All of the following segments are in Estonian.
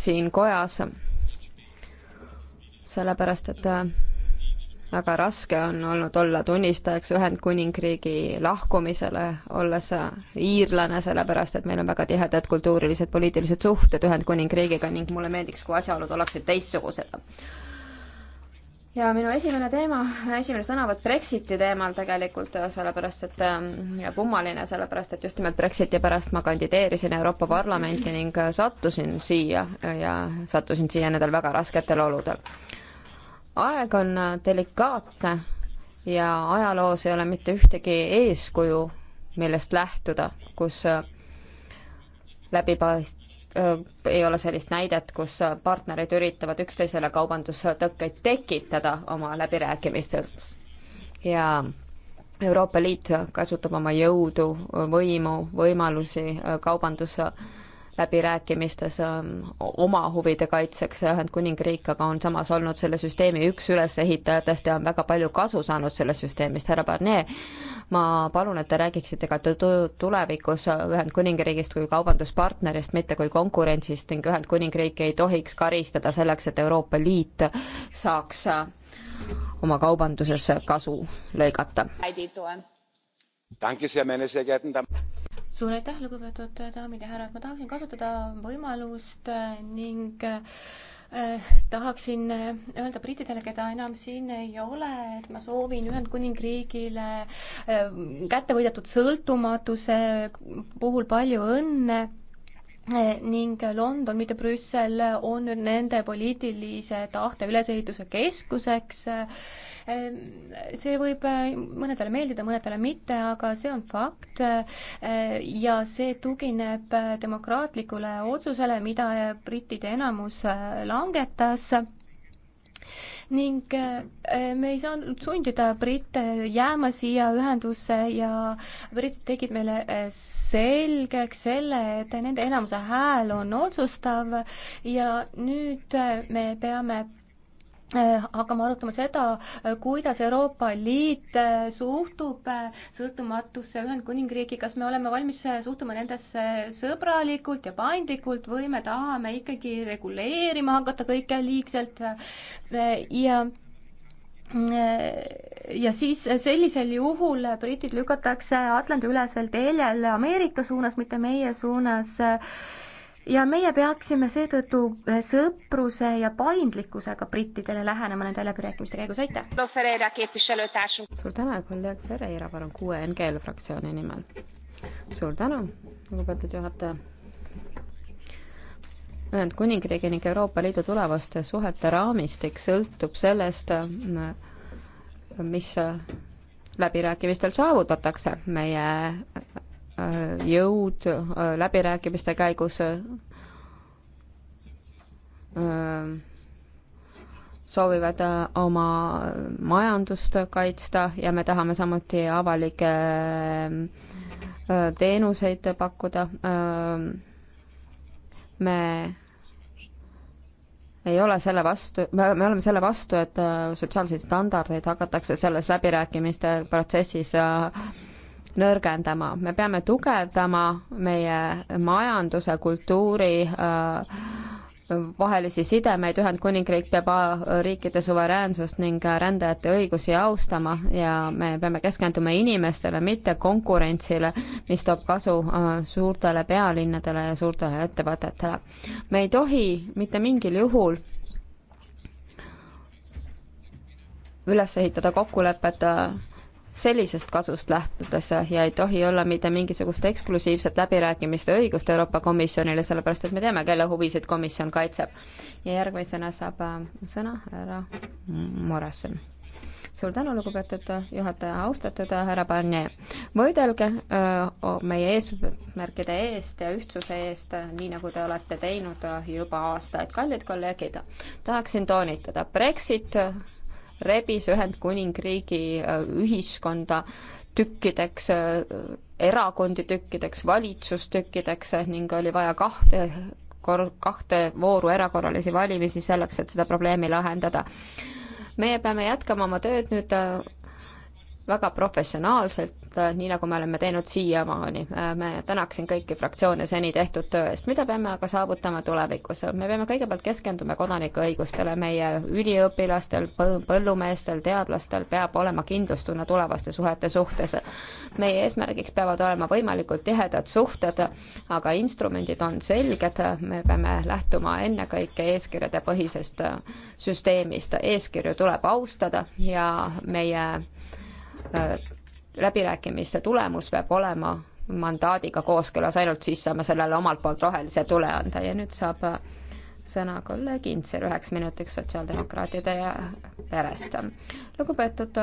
siin kojas, sellepärast et äh, väga raske on olnud olla tunnistajaks Ühendkuningriigi lahkumisele, olles äh, iirlane, sellepärast et meil on väga tihedad kultuurilised, poliitilised suhted Ühendkuningriigiga ning mulle meeldiks, kui asjaolud oleksid teistsugused ja minu esimene teema, esimene sõnavõtt Brexiti teemal tegelikult, sellepärast et ähm, ja kummaline, sellepärast et just nimelt Brexiti pärast ma kandideerisin Euroopa Parlamenti ning äh, sattusin siia äh, ja sattusin siia nendel väga rasketel oludel. aeg on äh, delikaatne ja ajaloos ei ole mitte ühtegi eeskuju, millest lähtuda, kus läbipaist-, Äh, ei ole sellist näidet, kus partnerid üritavad üksteisele kaubandustõkkeid tekitada oma läbirääkimistes. ja Euroopa Liit kasutab oma jõudu, võimu, võimalusi äh, kaubanduse läbirääkimistes ähm, oma huvide kaitseks ja Ühendkuningriik aga on samas olnud selle süsteemi üks ülesehitajatest ja on väga palju kasu saanud sellest süsteemist. härra Barnier, ma palun, et te räägiksite ka tulevikus Ühendkuningriigist kui kaubanduspartnerist, mitte kui konkurentsist ning Ühendkuningriiki ei tohiks karistada selleks, et Euroopa Liit saaks äh, oma kaubanduses kasu lõigata suur aitäh, lugupeetud daamid ja härrad, ma tahaksin kasutada võimalust ning äh, tahaksin öelda brittidele, keda enam siin ei ole, et ma soovin Ühendkuningriigile äh, kätte võidetud sõltumatuse puhul palju õnne ning London, mitte Brüssel, on nüüd nende poliitilise tahte ülesehituse keskuseks. Ehm, see võib äh, mõnedele meeldida, mõnedele mitte, aga see on fakt. Ehm, ja see tugineb demokraatlikule otsusele, mida brittide enamus äh, langetas ning äh, äh, me ei saanud sundida britte jääma siia ühendusse ja britid tegid meile äh, selgeks selle, et nende enamuse hääl on otsustav ja nüüd me peame Äh, hakkame arutama seda, äh, kuidas Euroopa Liit äh, suhtub sõltumatusse Ühendkuningriigi, kas me oleme valmis suhtuma nendesse sõbralikult ja paindlikult või me tahame ikkagi reguleerima hakata kõike liigselt ja ja siis sellisel juhul britid lükatakse Atlandi-ülesel teljel Ameerika suunas, mitte meie suunas äh, ja meie peaksime seetõttu eh, sõpruse ja paindlikkusega brittidele lähenema nende läbirääkimiste käigus, aitäh! suur tänu ja kolleeg Ferreira, palun, kuue NGL fraktsiooni nimel. suur tänu, lugupeetud juhataja. Ühendkuningriigi ning Euroopa Liidu tulevaste suhete raamistik sõltub sellest, mis läbirääkimistel saavutatakse meie Äh, jõud äh, läbirääkimiste käigus äh, soovivad oma majandust kaitsta ja me tahame samuti avalikke teenuseid pakkuda. me ei ole selle vastu, me oleme selle vastu, et sotsiaalseid standardeid hakatakse selles läbirääkimiste protsessis nõrgendama, me peame tugevdama meie majanduse, kultuuri äh, vahelisi sidemeid, Ühendkuningriik peab äh, riikide suveräänsust ning äh, rändajate õigusi austama ja me peame keskenduma inimestele, mitte konkurentsile, mis toob kasu suurtele pealinnadele ja suurtele ettevõtetele. me ei tohi mitte mingil juhul üles ehitada kokkulepet sellisest kasust lähtudes ja ei tohi olla mitte mingisugust eksklusiivset läbirääkimiste õigust Euroopa Komisjonile, sellepärast et me teame, kelle huvisid komisjon kaitseb. ja järgmisena saab äh, sõna härra Morrison suur tänu, lugupeetud juhataja, austatud härra Barnier. võidelge öö, äh, meie eesmärkide eest ja ühtsuse eest, äh, nii nagu te olete teinud juba aastaid, kallid kolleegid. tahaksin toonitada, Brexit rebis Ühendkuningriigi äh, ühiskonda tükkideks, äh, erakondi tükkideks, valitsustükkideks äh, ning oli vaja kahte kor-, kahte vooru erakorralisi valimisi selleks, et seda probleemi lahendada. meie peame jätkama oma tööd nüüd väga professionaalselt, äh, nii nagu me oleme teinud siiamaani. Äh, me tänaksin kõiki fraktsioone seni tehtud töö eest. mida peame aga saavutama tulevikus? me peame kõigepealt keskenduma kodanikuõigustele, meie üliõpilastel, põllumeestel, teadlastel peab olema kindlustunne tulevaste suhete suhtes. meie eesmärgiks peavad olema võimalikult tihedad suhted, aga instrumendid on selged, me peame lähtuma ennekõike eeskirjade põhisest äh, süsteemist. eeskirju tuleb austada ja meie läbirääkimiste tulemus peab olema mandaadiga kooskõlas, ainult siis saame sellele omalt poolt rohelise tule anda ja nüüd saab sõna kolleeg Intser üheks minutiks sotsiaaldemokraatide perest. lugupeetud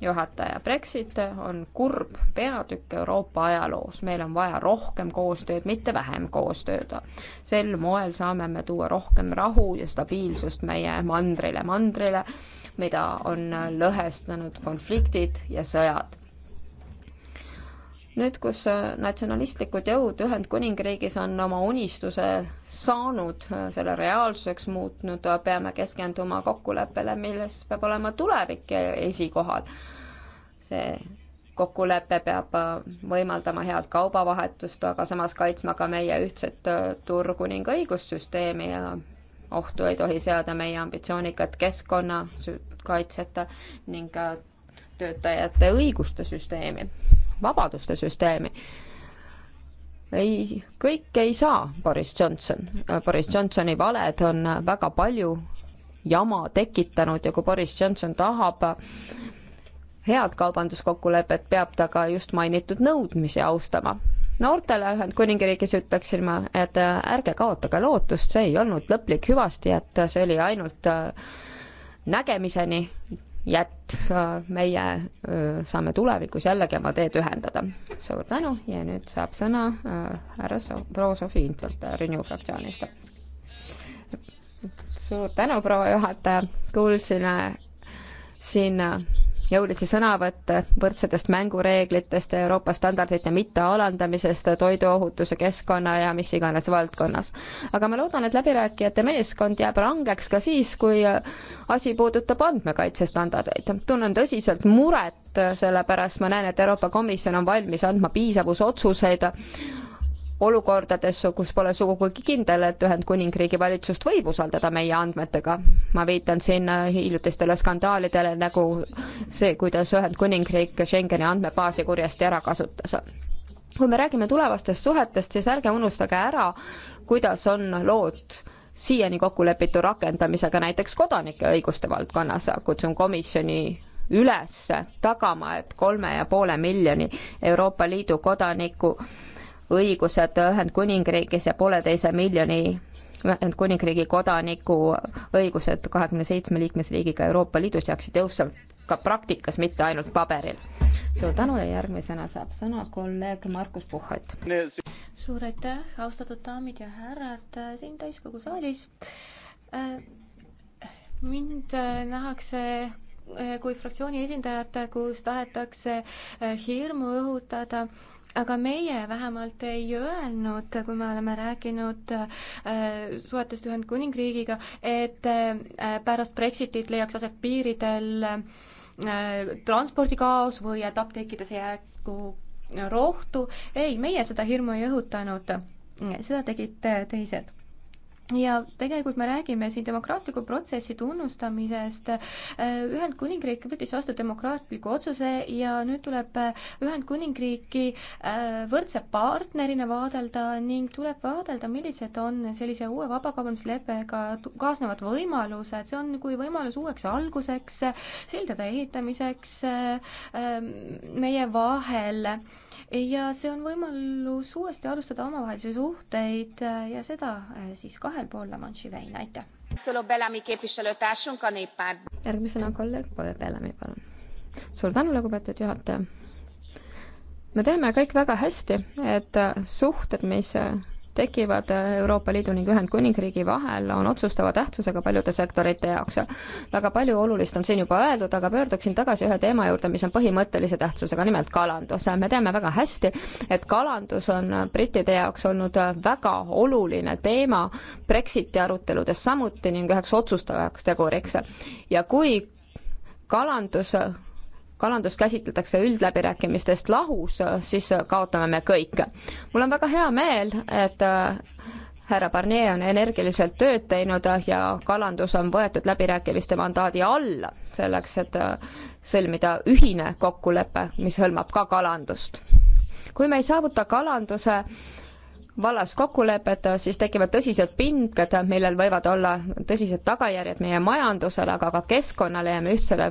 juhataja, Brexit on kurb peatükk Euroopa ajaloos, meil on vaja rohkem koostööd, mitte vähem koostööd. sel moel saame me tuua rohkem rahu ja stabiilsust meie mandrile, mandrile, mida on lõhestanud konfliktid ja sõjad nüüd, kus äh, natsionalistlikud jõud Ühendkuningriigis on oma unistuse saanud, äh, selle reaalsuseks muutnud, äh, peame keskenduma kokkuleppele, milles peab olema tulevik esikohal. see kokkulepe peab võimaldama head kaubavahetust, aga samas kaitsma ka meie ühtset turgu ning õigussüsteemi ja ohtu ei tohi seada meie ambitsioonikat keskkonnakaitset ning töötajate õiguste süsteemi vabaduste süsteemi. ei, kõike ei saa Boris Johnson. Boris Johnsoni valed on väga palju jama tekitanud ja kui Boris Johnson tahab head kaubanduskokkulepet, peab ta ka just mainitud nõudmisi austama. noortele Ühendkuningriigis ütleksin ma, et ärge kaotage lootust, see ei olnud lõplik hüvasti, et see oli ainult äh, nägemiseni jät äh, meie äh, saame tulevikus jällegi oma teed ühendada. suur tänu ja nüüd saab sõna äh, härra so-, proua Sofi Intvelt Renew fraktsioonist. suur tänu, proua juhataja, kuulsime siin jõulisi sõnavõtte võrdsetest mängureeglitest ja Euroopa standardite mittealandamisest toiduohutuse, keskkonna ja mis iganes valdkonnas. aga ma loodan, et läbirääkijate meeskond jääb rangeks ka siis, kui asi puudutab andmekaitsestandardeid. tunnen tõsiselt muret, sellepärast ma näen, et Euroopa Komisjon on valmis andma piisavusotsuseid olukordades, kus pole sugugi kindel, et Ühendkuningriigi valitsust võib usaldada meie andmetega. ma viitan siin hiljutistele skandaalidele nagu see, kuidas Ühendkuningriik Schengeni andmebaasi kurjasti ära kasutas kui me räägime tulevastest suhetest, siis ärge unustage ära, kuidas on lood siiani kokkulepitu rakendamisega näiteks kodanike õiguste valdkonnas, kutsun komisjoni üles tagama, et kolme ja poole miljoni Euroopa Liidu kodaniku äh, õigused Ühendkuningriigis ja pooleteise miljoni Ühendkuningriigi kodaniku õigused kahekümne seitsme liikmesriigiga Euroopa Liidus jääksid jõusse ka praktikas, mitte ainult paberil. suur tänu ja järgmisena saab sõna kolleeg Markus Puhhat. suur aitäh, austatud daamid ja härrad äh, siin täiskogu saalis. Äh, mind äh, nähakse kui fraktsiooni esindajat, kus tahetakse hirmu õhutada aga meie vähemalt ei öelnud, kui me oleme rääkinud äh, suhetest Ühendkuningriigiga, et äh, pärast Brexitit leiaks aset piiridel äh, transpordikaos või et apteekides jäägu rohtu. ei, meie seda hirmu ei õhutanud, seda tegid äh, teised ja tegelikult me räägime siin demokraatliku protsessi tunnustamisest. Äh, Ühendkuningriik võttis vastu demokraatliku otsuse ja nüüd tuleb äh, Ühendkuningriiki äh, võrdse partnerina vaadelda ning tuleb vaadelda, millised on sellise uue vabakaubandusleppega kaasnevad võimalused. see on kui võimalus uueks alguseks, sildade ehitamiseks meie vahel ja see on võimalus uuesti alustada omavahelisi suhteid äh, ja seda äh, siis kahel pool La Manche'i väina, aitäh! järgmisena kolleeg Poja Bellami, palun. suur tänu, lugupeetud juhataja! me teeme kõik väga hästi, et äh, suhted, mis tekivad äh, Euroopa Liidu ning Ühendkuningriigi vahel, on otsustava tähtsusega paljude sektorite jaoks. väga palju olulist on siin juba öeldud, aga pöörduksin tagasi ühe teema juurde, mis on põhimõttelise tähtsusega, nimelt kalandus. me teame väga hästi, et kalandus on äh, brittide jaoks olnud äh, väga oluline teema Brexiti aruteludes samuti ning üheks otsustavaks teguriks. ja kui kalandus kalandust käsitletakse üldläbirääkimistest lahus, siis kaotame me kõik. mul on väga hea meel, et äh, härra Barnier on energiliselt tööd teinud ja kalandus on võetud läbirääkimiste mandaadi alla, selleks et äh, sõlmida ühine kokkulepe, mis hõlmab ka kalandust. kui me ei saavuta kalanduse vallas kokkulepet, siis tekivad tõsised pinged, millel võivad olla tõsised tagajärjed meie majandusele, aga ka keskkonnale ja ühtsele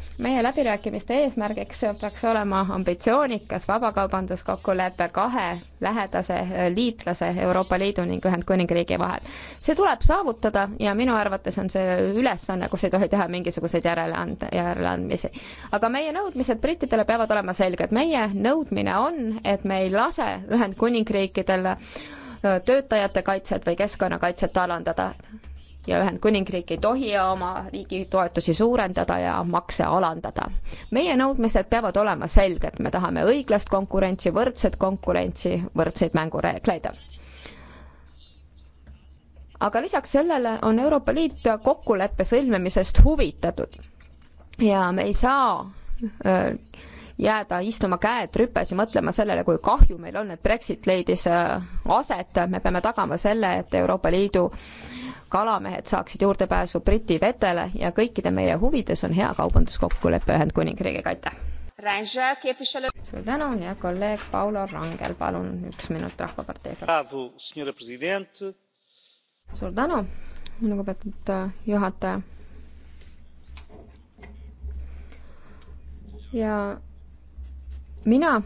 meie läbirääkimiste eesmärgiks peaks olema ambitsioonikas vabakaubanduskokkulepe kahe lähedase äh, liitlase Euroopa Liidu ning Ühendkuningriigi vahel. see tuleb saavutada ja minu arvates on see ülesanne, kus ei tohi teha mingisuguseid järeleand-, järeleandmisi. aga meie nõudmised brittidele peavad olema selged. meie nõudmine on, et me ei lase Ühendkuningriikidel äh, töötajate kaitset või keskkonnakaitset alandada ja Ühendkuningriik ei tohi oma riigi toetusi suurendada ja makse alandada. meie nõudmised peavad olema selged, me tahame õiglast konkurentsi, võrdset konkurentsi, võrdseid mängureegleid. aga lisaks sellele on Euroopa Liit kokkuleppe sõlmimisest huvitatud ja me ei saa öö, jääda istuma käed rüpes ja mõtlema sellele, kui kahju meil on, et Brexit leidis aset, me peame tagama selle, et Euroopa Liidu kalamehed saaksid juurdepääsu Briti vetele ja kõikide meie huvides on hea kaubanduskokkulepe Ühendkuningriigiga, aitäh! suur tänu ja kolleeg Paulo Rangel, palun, üks minut Rahvapartei fraktsioonist. suur tänu, lugupeetud äh, juhataja. ja mina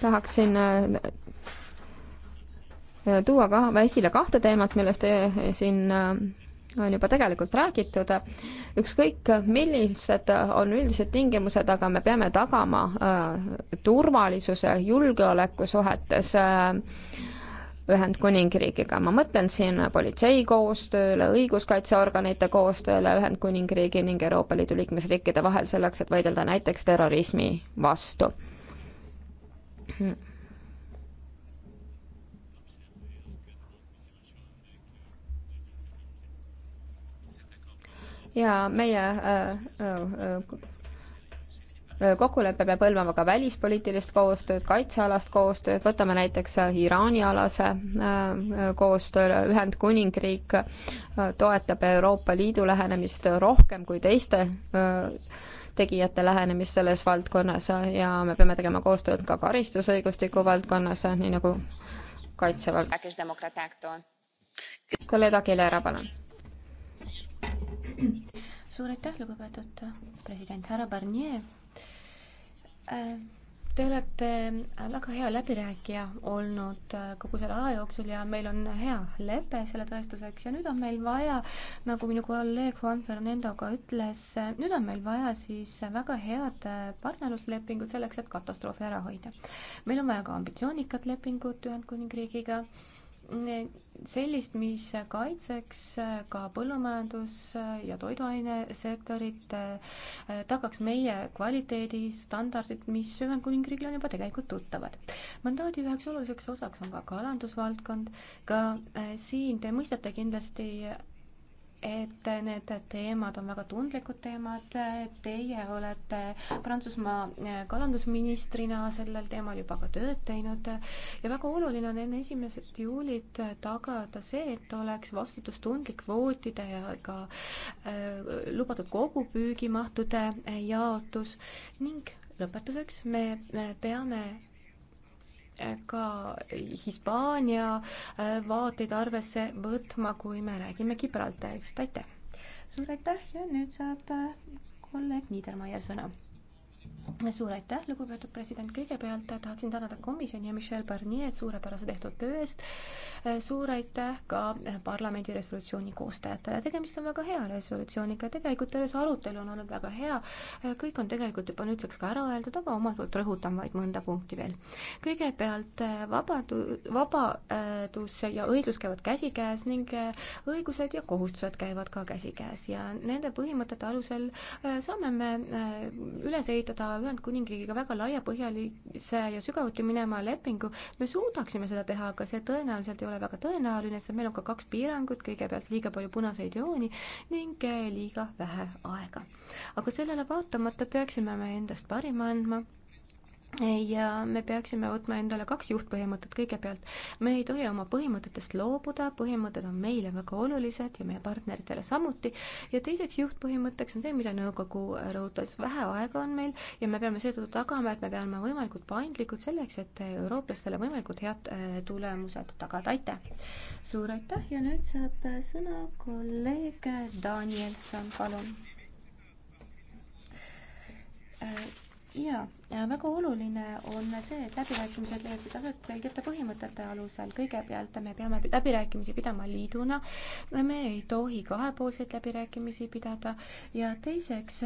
tahaksin äh, Äh, tuua ka esile kahte teemat, millest äh, siin äh, on juba tegelikult räägitud. ükskõik, millised on üldised tingimused, aga me peame tagama turvalisuse julgeolekusuhetes Ühendkuningriigiga, ma mõtlen siin politsei koostööle, õiguskaitseorganite koostööle Ühendkuningriigi ning Euroopa Liidu liikmesriikide vahel selleks, et võidelda näiteks terrorismi vastu. ja meie äh, äh, äh, kokkulepe peab hõlmama ka välispoliitilist koostööd, kaitsealast koostööd, võtame näiteks Iraani-alase koostöö, Ühendkuningriik toetab Euroopa Liidu lähenemist rohkem kui teiste tegijate lähenemist selles valdkonnas ja me peame tegema koostööd ka karistusõigustiku valdkonnas, nii nagu kaitsevald-. kolleeg Agilera, palun suur aitäh, lugupeetud president härra Barnier äh,. Te olete väga hea läbirääkija olnud äh, kogu selle aja jooksul ja meil on hea lepe selle tõestuseks ja nüüd on meil vaja, nagu minu kolleeg Juan Fernando ka ütles, äh, nüüd on meil vaja siis väga head äh, partnerluslepingut selleks, et katastroofi ära hoida. meil on vaja ka ambitsioonikat lepingut Ühendkuningriigiga sellist, mis kaitseks ka põllumajandus- ja toiduainesektorit, tagaks meie kvaliteedistandardid, mis Ühendkuningriigil on juba tegelikult tuttavad. mandaadi üheks oluliseks osaks on ka kalandusvaldkond, ka äh, siin te mõistate kindlasti et need teemad on väga tundlikud teemad. Teie olete Prantsusmaa eh, kalandusministrina sellel teemal juba ka tööd teinud ja väga oluline on enne esimesed juulid tagada see, et oleks vastutustundlik kvootide ja ka äh, lubatud kogupüügimahtude eh, jaotus ning lõpetuseks me, me peame ka Hispaania äh, vaateid arvesse võtma, kui me räägime Gibraltarist, aitäh! suur aitäh ja nüüd saab äh, kolleeg Niedermayer sõna suur aitäh, lugupeetud president, kõigepealt tahaksin tänada komisjoni ja Michel Barnier'd suurepärase tehtud töö eest. suur aitäh ka parlamendi resolutsiooni koostajatele, tegemist on väga hea resolutsiooniga, tegelikult terve see arutelu on olnud väga hea. kõik on tegelikult juba nüüdseks ka ära öeldud, aga omalt poolt rõhutan vaid mõnda punkti veel. kõigepealt eh, vabadu-, vabadus ja õiglus käivad käsikäes ning eh, õigused ja kohustused käivad ka käsikäes ja nende põhimõtete alusel eh, saame me üles ehitada Ühendkuningriigiga väga laiapõhjalise ja sügavuti minema lepingu, me suudaksime seda teha, aga see tõenäoliselt ei ole väga tõenäoline, sest meil on ka kaks piirangut, kõigepealt liiga palju punaseid jooni ning eh, liiga vähe aega. aga sellele vaatamata peaksime me endast parima andma ja me peaksime võtma endale kaks juhtpõhimõtet. kõigepealt, me ei tohi oma põhimõtetest loobuda, põhimõtted on meile väga olulised ja meie partneritele samuti, ja teiseks juhtpõhimõtteks on see, mida nõukogu rõhutas, vähe aega on meil ja me peame seetõttu tagama, et me peame võimalikult paindlikud selleks, et eurooplastele võimalikult head äh, tulemused tagada, aitäh! suur aitäh ja nüüd saab äh, sõna kolleeg Danielson, palun! Äh, jaa väga oluline on see, et läbirääkimised leiaksid aset selgete põhimõtete alusel. kõigepealt me peame läbirääkimisi pidama liiduna, me ei tohi kahepoolseid läbirääkimisi pidada ja teiseks,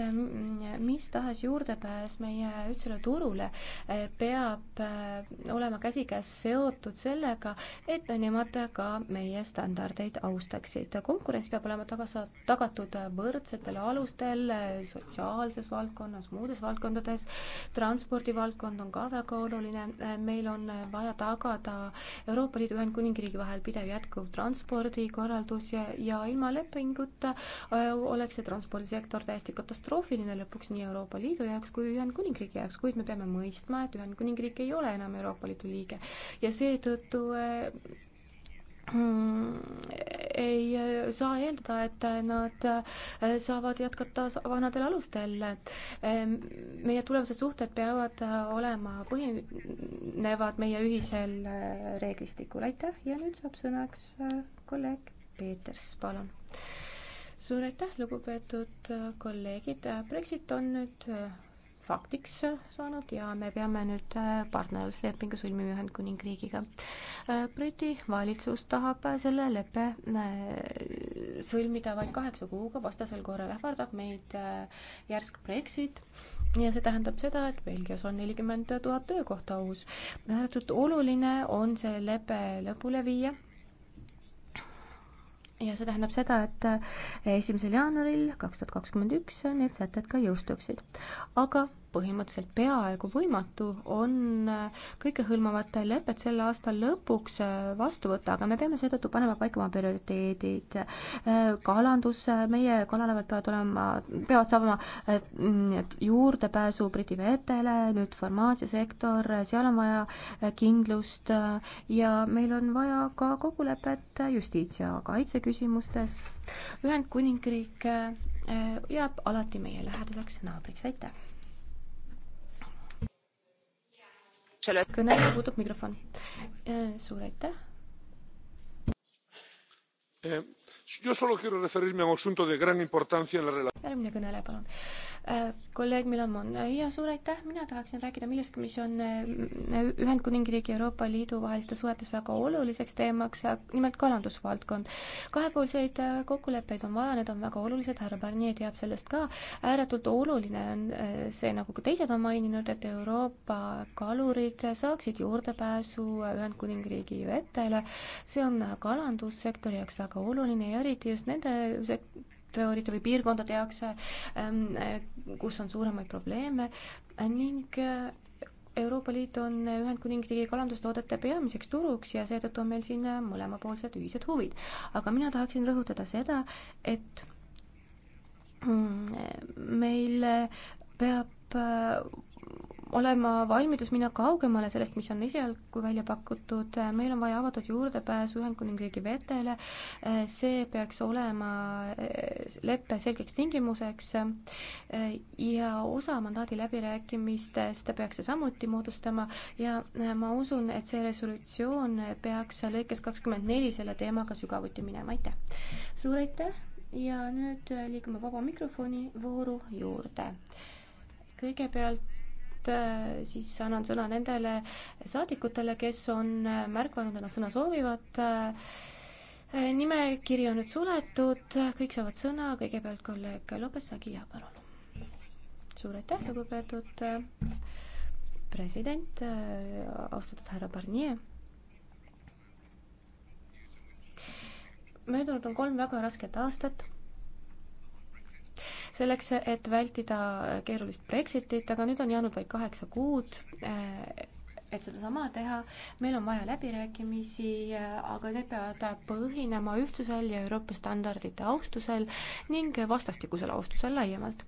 mis tahes juurdepääs meie ühtsele turule eh, peab eh, olema käsikäes seotud sellega, et nemad ka meie standardeid austaksid. konkurents peab olema tagasa-, tagatud võrdsetel alustel eh, sotsiaalses valdkonnas, muudes valdkondades, trans-, transpordivaldkond on ka väga oluline, meil on vaja tagada Euroopa Liidu Ühendkuningriigi vahel pidev jätkuv transpordikorraldus ja, ja ilma lepinguta oleks see transpordisektor täiesti katastroofiline lõpuks nii Euroopa Liidu jaoks kui Ühendkuningriigi jaoks, kuid me peame mõistma, et Ühendkuningriik ei ole enam Euroopa Liidu liige ja seetõttu Mm, ei eh, saa eeldada, et eh, nad eh, saavad jätkata vanadel alustel. meie tulevased suhted peavad olema, põhinevad meie ühisel reeglistikul, aitäh ja nüüd saab sõnaks kolleeg Peeters, palun. suur aitäh, lugupeetud kolleegid, Brexit on nüüd faktiks saanud ja me peame nüüd äh, partnerluslepingu sõlmima Ühendkuningriigiga. Äh, Briti valitsus tahab äh, selle leppe sõlmida vaid kaheksa kuuga, vastasel korral ähvardab meid järsk Brexit ja see tähendab seda, et Belgias on nelikümmend tuhat töökohta uus. ääretult oluline on see lepe lõpule viia ja see tähendab seda, et äh, esimesel jaanuaril kaks tuhat kakskümmend üks need sätted ka jõustuksid. aga põhimõtteliselt peaaegu võimatu, on kõikehõlmavat lepet selle aasta lõpuks äh, vastu võtta, aga me peame seetõttu panema paika oma prioriteedid. Äh, kalandus, äh, meie kalalaevad peavad olema, peavad saama mm, juurdepääsu Briti vetele, nüüd farmaatsiasektor, seal on vaja kindlust ja meil on vaja ka kokkulepet justiits- ja kaitseküsimustes. Ühendkuningriik jääb alati meie lähedaseks naabriks, aitäh! selle kõnele puudub mikrofon. suur aitäh. Eh, järgmine kõneleja, palun. Äh, kolleeg Milamon, äh, ja suur aitäh, mina tahaksin rääkida millestki, mis on äh, Ühendkuningriigi ja Euroopa Liidu vahelistes suhetes väga oluliseks teemaks, nimelt kalandusvaldkond. kahepoolseid kokkuleppeid on vaja, need on väga olulised, härra Barnier teab sellest ka, ääretult oluline on see, nagu ka teised on maininud, et Euroopa kalurid saaksid juurdepääsu Ühendkuningriigi vetele, see on kalandussektori jaoks väga oluline ja ja eriti just nende sektorite või piirkondade jaoks, ähm, kus on suuremaid probleeme ning äh, Euroopa Liit on Ühendkuningriigi kalandustoodete peamiseks turuks ja seetõttu on meil siin äh, mõlemapoolsed ühised huvid. aga mina tahaksin rõhutada seda, et mm, meil äh, peab olema valmidus minna kaugemale sellest, mis on esialgu välja pakutud, meil on vaja avatud juurdepääsu Ühendkuningriigi vetele, see peaks olema eh, leppe selgeks tingimuseks ja osa mandaadi läbirääkimistest peaks see samuti moodustama ja eh, ma usun, et see resolutsioon peaks lõikes kakskümmend neli selle teemaga sügavuti minema, aitäh! suur aitäh ja nüüd eh, liigume vaba mikrofoni vooru juurde. kõigepealt nüüd äh, siis annan sõna nendele saadikutele, kes on äh, märganud, et nad sõna soovivad. Äh, nimekiri on nüüd suletud, kõik saavad sõna, kõigepealt kolleeg Lopes Agia, palun. suur aitäh, lugupeetud president, austatud härra Barnier möödunud on kolm väga rasket aastat selleks, et vältida keerulist Brexitit, aga nüüd on jäänud vaid kaheksa kuud, eh, et sedasama teha, meil on vaja läbirääkimisi, eh, aga need peavad põhinema ühtsusel ja Euroopa standardite austusel ning vastastikusel austusel laiemalt.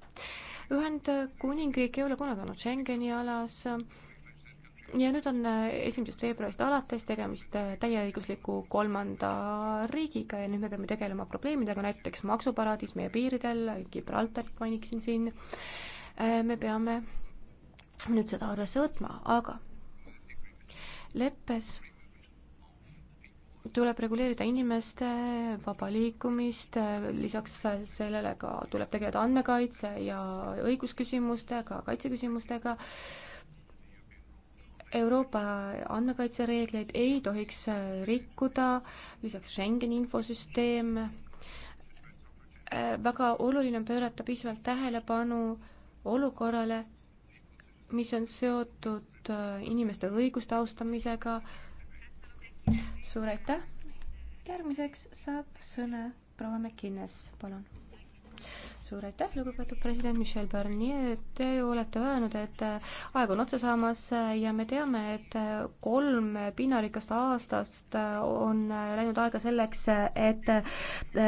Ühendkuningriik ei ole kunagi olnud Schengeni alas äh,, ja nüüd on äh, esimesest veebruarist alates tegemist äh, täieõigusliku kolmanda riigiga ja nüüd me peame tegelema probleemidega, näiteks maksuparadiis meie piiridel, Gibraltarit mainiksin siin, äh, me peame nüüd seda arvesse võtma, aga leppes tuleb reguleerida inimeste vaba liikumist, lisaks sellele ka tuleb tegeleda andmekaitse ja õigusküsimustega, kaitseküsimustega äh,, Euroopa andmekaitsereegleid ei tohiks äh, rikkuda, lisaks Schengeni infosüsteem. Äh, väga oluline on pöörata piisavalt tähelepanu olukorrale, mis on seotud äh, inimeste õiguste austamisega. suur aitäh! järgmiseks saab sõna proua McInnes, palun suur aitäh, lugupeetud president Michel Barnier, te olete öelnud, et äh, aeg on otsa saamas äh, ja me teame, et äh, kolm pinnarikast aastast on läinud aega selleks, et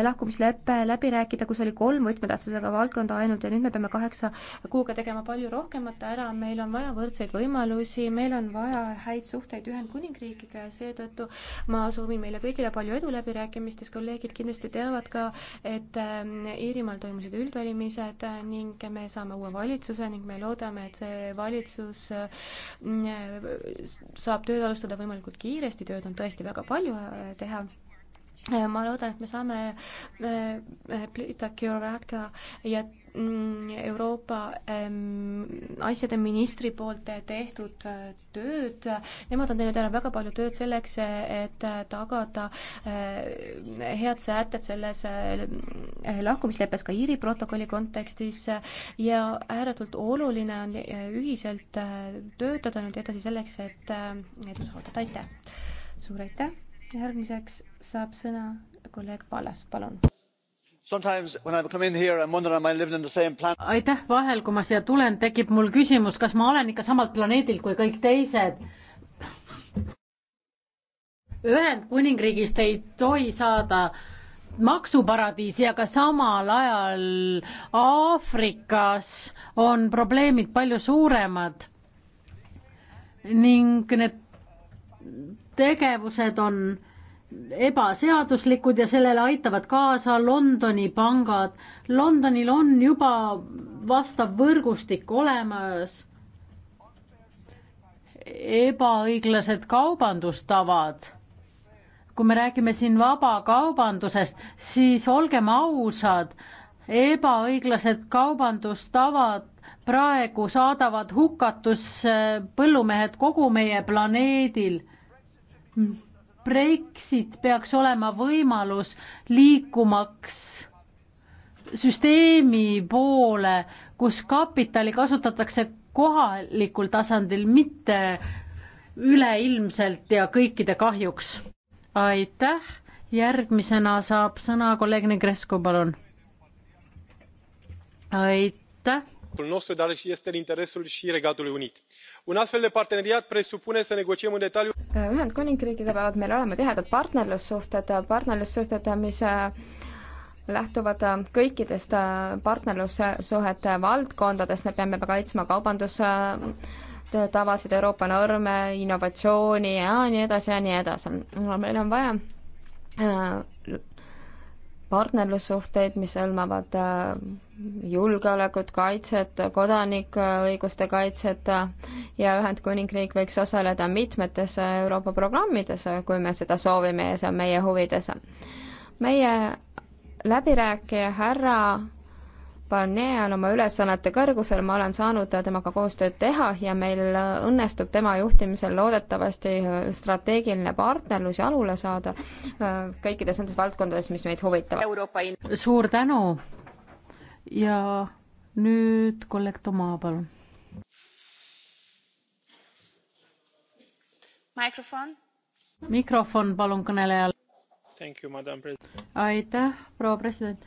lahkumislepe läbi rääkida, kus oli kolm võtmetähtsusega valdkonda ainult ja nüüd me peame kaheksa kuuga tegema palju rohkemat ära, meil on vaja võrdseid võimalusi, meil on vaja häid suhteid Ühendkuningriigiga ja seetõttu ma soovin meile kõigile palju edu läbirääkimistes, kolleegid kindlasti teavad ka, et ähm, Iirimaal toimusid üld-, üldvalimised ning me saame uue valitsuse ning me loodame, et see valitsus mm, saab tööd alustada võimalikult kiiresti, tööd on tõesti väga palju äh, teha äh, ma loodan, et me saame äh, Plita Kioraka ja Mm, Euroopa ähm, asjade ministri poolt äh, tehtud äh, tööd. Nemad on teinud ära väga palju tööd selleks, äh, et tagada head sätted selles lahkumisleppes ka Iiri protokolli kontekstis ja ääretult oluline on ühiselt töötada nüüd edasi selleks, et edu saavutada, aitäh! suur aitäh, järgmiseks saab sõna kolleeg Pallas, palun! aitäh, vahel kui ma siia tulen, tekib mul küsimus, kas ma olen ikka samalt planeedilt kui kõik teised. Ühendkuningriigist ei tohi saada maksuparadiisi, aga samal ajal Aafrikas on probleemid palju suuremad. ning need tegevused on ebaseaduslikud ja sellele aitavad kaasa Londoni pangad. Londonil on juba vastav võrgustik olemas. ebaõiglased kaubandustavad. kui me räägime siin vabakaubandusest, siis olgem ausad, ebaõiglased kaubandustavad praegu saadavad hukatusse eh, põllumehed kogu meie planeedil Brexit peaks olema võimalus liikumaks süsteemi poole, kus kapitali kasutatakse kohalikul tasandil, mitte üleilmselt ja kõikide kahjuks. aitäh, järgmisena saab sõna kolleeg Negresko, palun. aitäh nostru dar este în interesul și regatului unit. un astfel de parteneriat presupune să negociem în detaliu. ühendkuningriigiga peavad meil olema tihedad partnerlussuhted partnerlussuhted mis äh, lähtuvad äh, kõikidest äh, partnerlussuhete valdkondadest me peame kaitsma kaubanduse tavasid, Euroopa norme, innovatsiooni ja nii edasi ja nii edasi. meil on vaja partnerlussuhteid, mis hõlmavad äh, julgeolekut, kaitset, kodanikuõiguste kaitset äh, ja Ühendkuningriik võiks osaleda mitmetes äh, Euroopa programmides, kui me seda soovime ja see on meie huvides. meie läbirääkija härra Barnier on oma ülesannete kõrgusel, ma olen saanud temaga koostööd teha ja meil õnnestub tema juhtimisel loodetavasti strateegiline partnerlus jalule saada äh, kõikides nendes valdkondades, mis meid huvitavad. suur tänu ja nüüd kolleeg Tomaa, palun. mikrofon. mikrofon palun kõnelejale. aitäh, proua president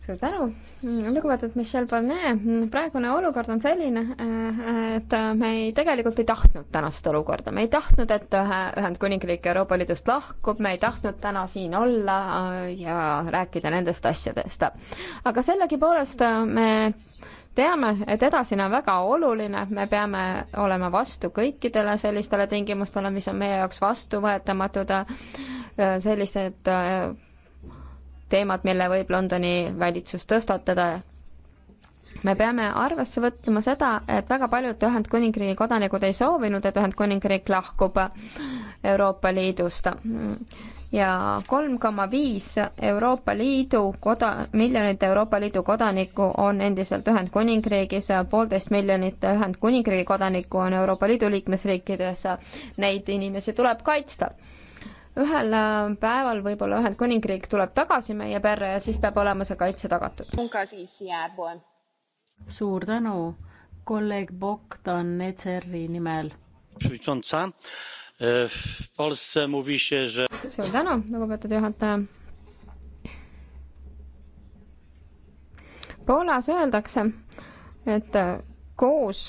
suur tänu, mm, lugupeetud Michel Barnier, mm, praegune olukord on selline, eh, et me ei, tegelikult ei tahtnud tänast olukorda, me ei tahtnud, et eh, Ühendkuningriik Euroopa Liidust lahkub, me ei tahtnud täna siin olla eh, ja rääkida nendest asjadest. aga sellegipoolest me teame, et edasine on väga oluline, me peame olema vastu kõikidele sellistele tingimustele, mis on meie jaoks vastuvõetamatud, sellised teemad, mille võib Londoni valitsus tõstatada me peame arvesse võtma seda, et väga paljud Ühendkuningriigi kodanikud ei soovinud, et Ühendkuningriik lahkub Euroopa Liidust. ja kolm koma viis Euroopa Liidu koda-, miljonit Euroopa Liidu kodanikku on endiselt Ühendkuningriigis, poolteist miljonit Ühendkuningriigi kodanikku on Euroopa Liidu liikmesriikides, neid inimesi tuleb kaitsta ühel äh, päeval võib-olla Ühendkuningriik tuleb tagasi meie perre ja siis peab olema see kaitse tagatud. suur tänu, kolleeg Bogdan ECR-i nimel. E, suur tänu, lugupeetud juhataja. Poolas öeldakse, et e, koos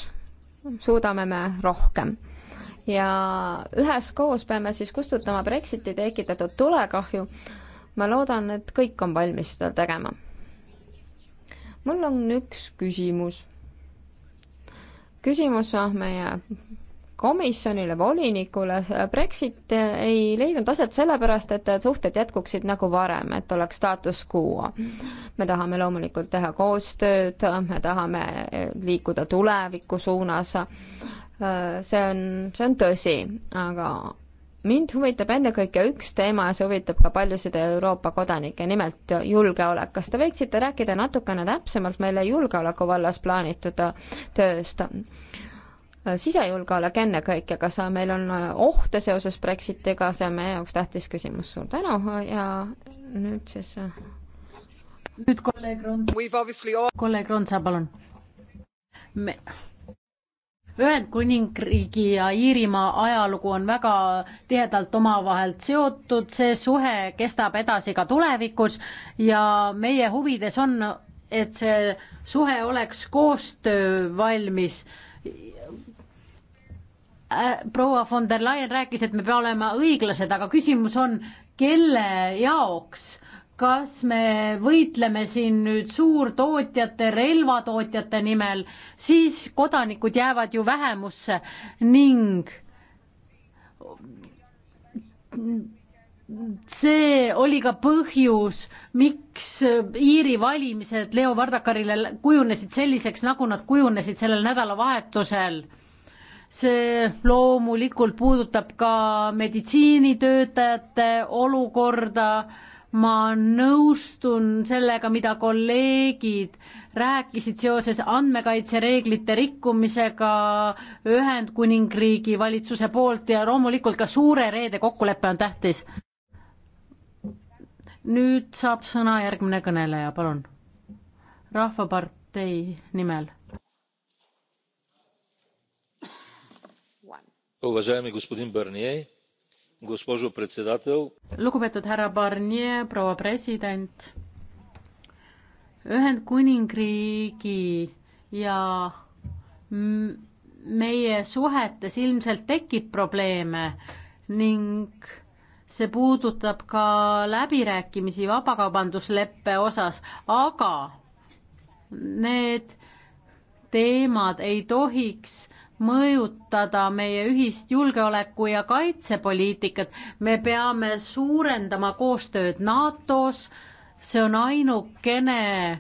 suudame me rohkem ja üheskoos peame siis kustutama Brexiti tekitatud tulekahju. ma loodan, et kõik on valmis seda tegema. mul on üks küsimus. küsimus meie komisjonile, volinikule, Brexit ei leidnud aset sellepärast, et suhted jätkuksid nagu varem, et oleks status quo. me tahame loomulikult teha koostööd, me tahame liikuda tuleviku suunas, see on, see on tõsi, aga mind huvitab ennekõike üks teema ja see huvitab ka paljusid Euroopa kodanikke, nimelt julgeolek. kas te võiksite rääkida natukene täpsemalt meile julgeoleku vallas plaanitud tööst? Äh, sisejulgeolek ennekõike, kas meil on äh, ohte seoses Brexitiga, see on meie jaoks tähtis küsimus, suur tänu äh, ja nüüd siis nüüd kolleeg Rund, kolleeg Rundsa, palun. me, Ühendkuningriigi ja Iirimaa ajalugu on väga tihedalt omavahelt seotud, see suhe kestab edasi ka tulevikus ja meie huvides on, et see suhe oleks koostöö valmis Äh, proua von der Leyen rääkis, et me peame olema õiglased, aga küsimus on, kelle jaoks? kas me võitleme siin nüüd suurtootjate, relvatootjate nimel, siis kodanikud jäävad ju vähemusse ning see oli ka põhjus, miks Iiri valimised Leo Vardakarile kujunesid selliseks, nagu nad kujunesid sellel nädalavahetusel see loomulikult puudutab ka meditsiinitöötajate olukorda, ma nõustun sellega, mida kolleegid rääkisid seoses andmekaitsereeglite rikkumisega Ühendkuningriigi valitsuse poolt ja loomulikult ka suure reede kokkulepe on tähtis. nüüd saab sõna järgmine kõneleja, palun. rahvapartei nimel lugupeetud härra Barnier, proua president. Ühendkuningriigi ja meie suhetes ilmselt tekib probleeme ning see puudutab ka läbirääkimisi vabakaubandusleppe osas, aga need teemad ei tohiks mõjutada meie ühist julgeoleku- ja kaitsepoliitikat. me peame suurendama koostööd NATO-s, see on ainukene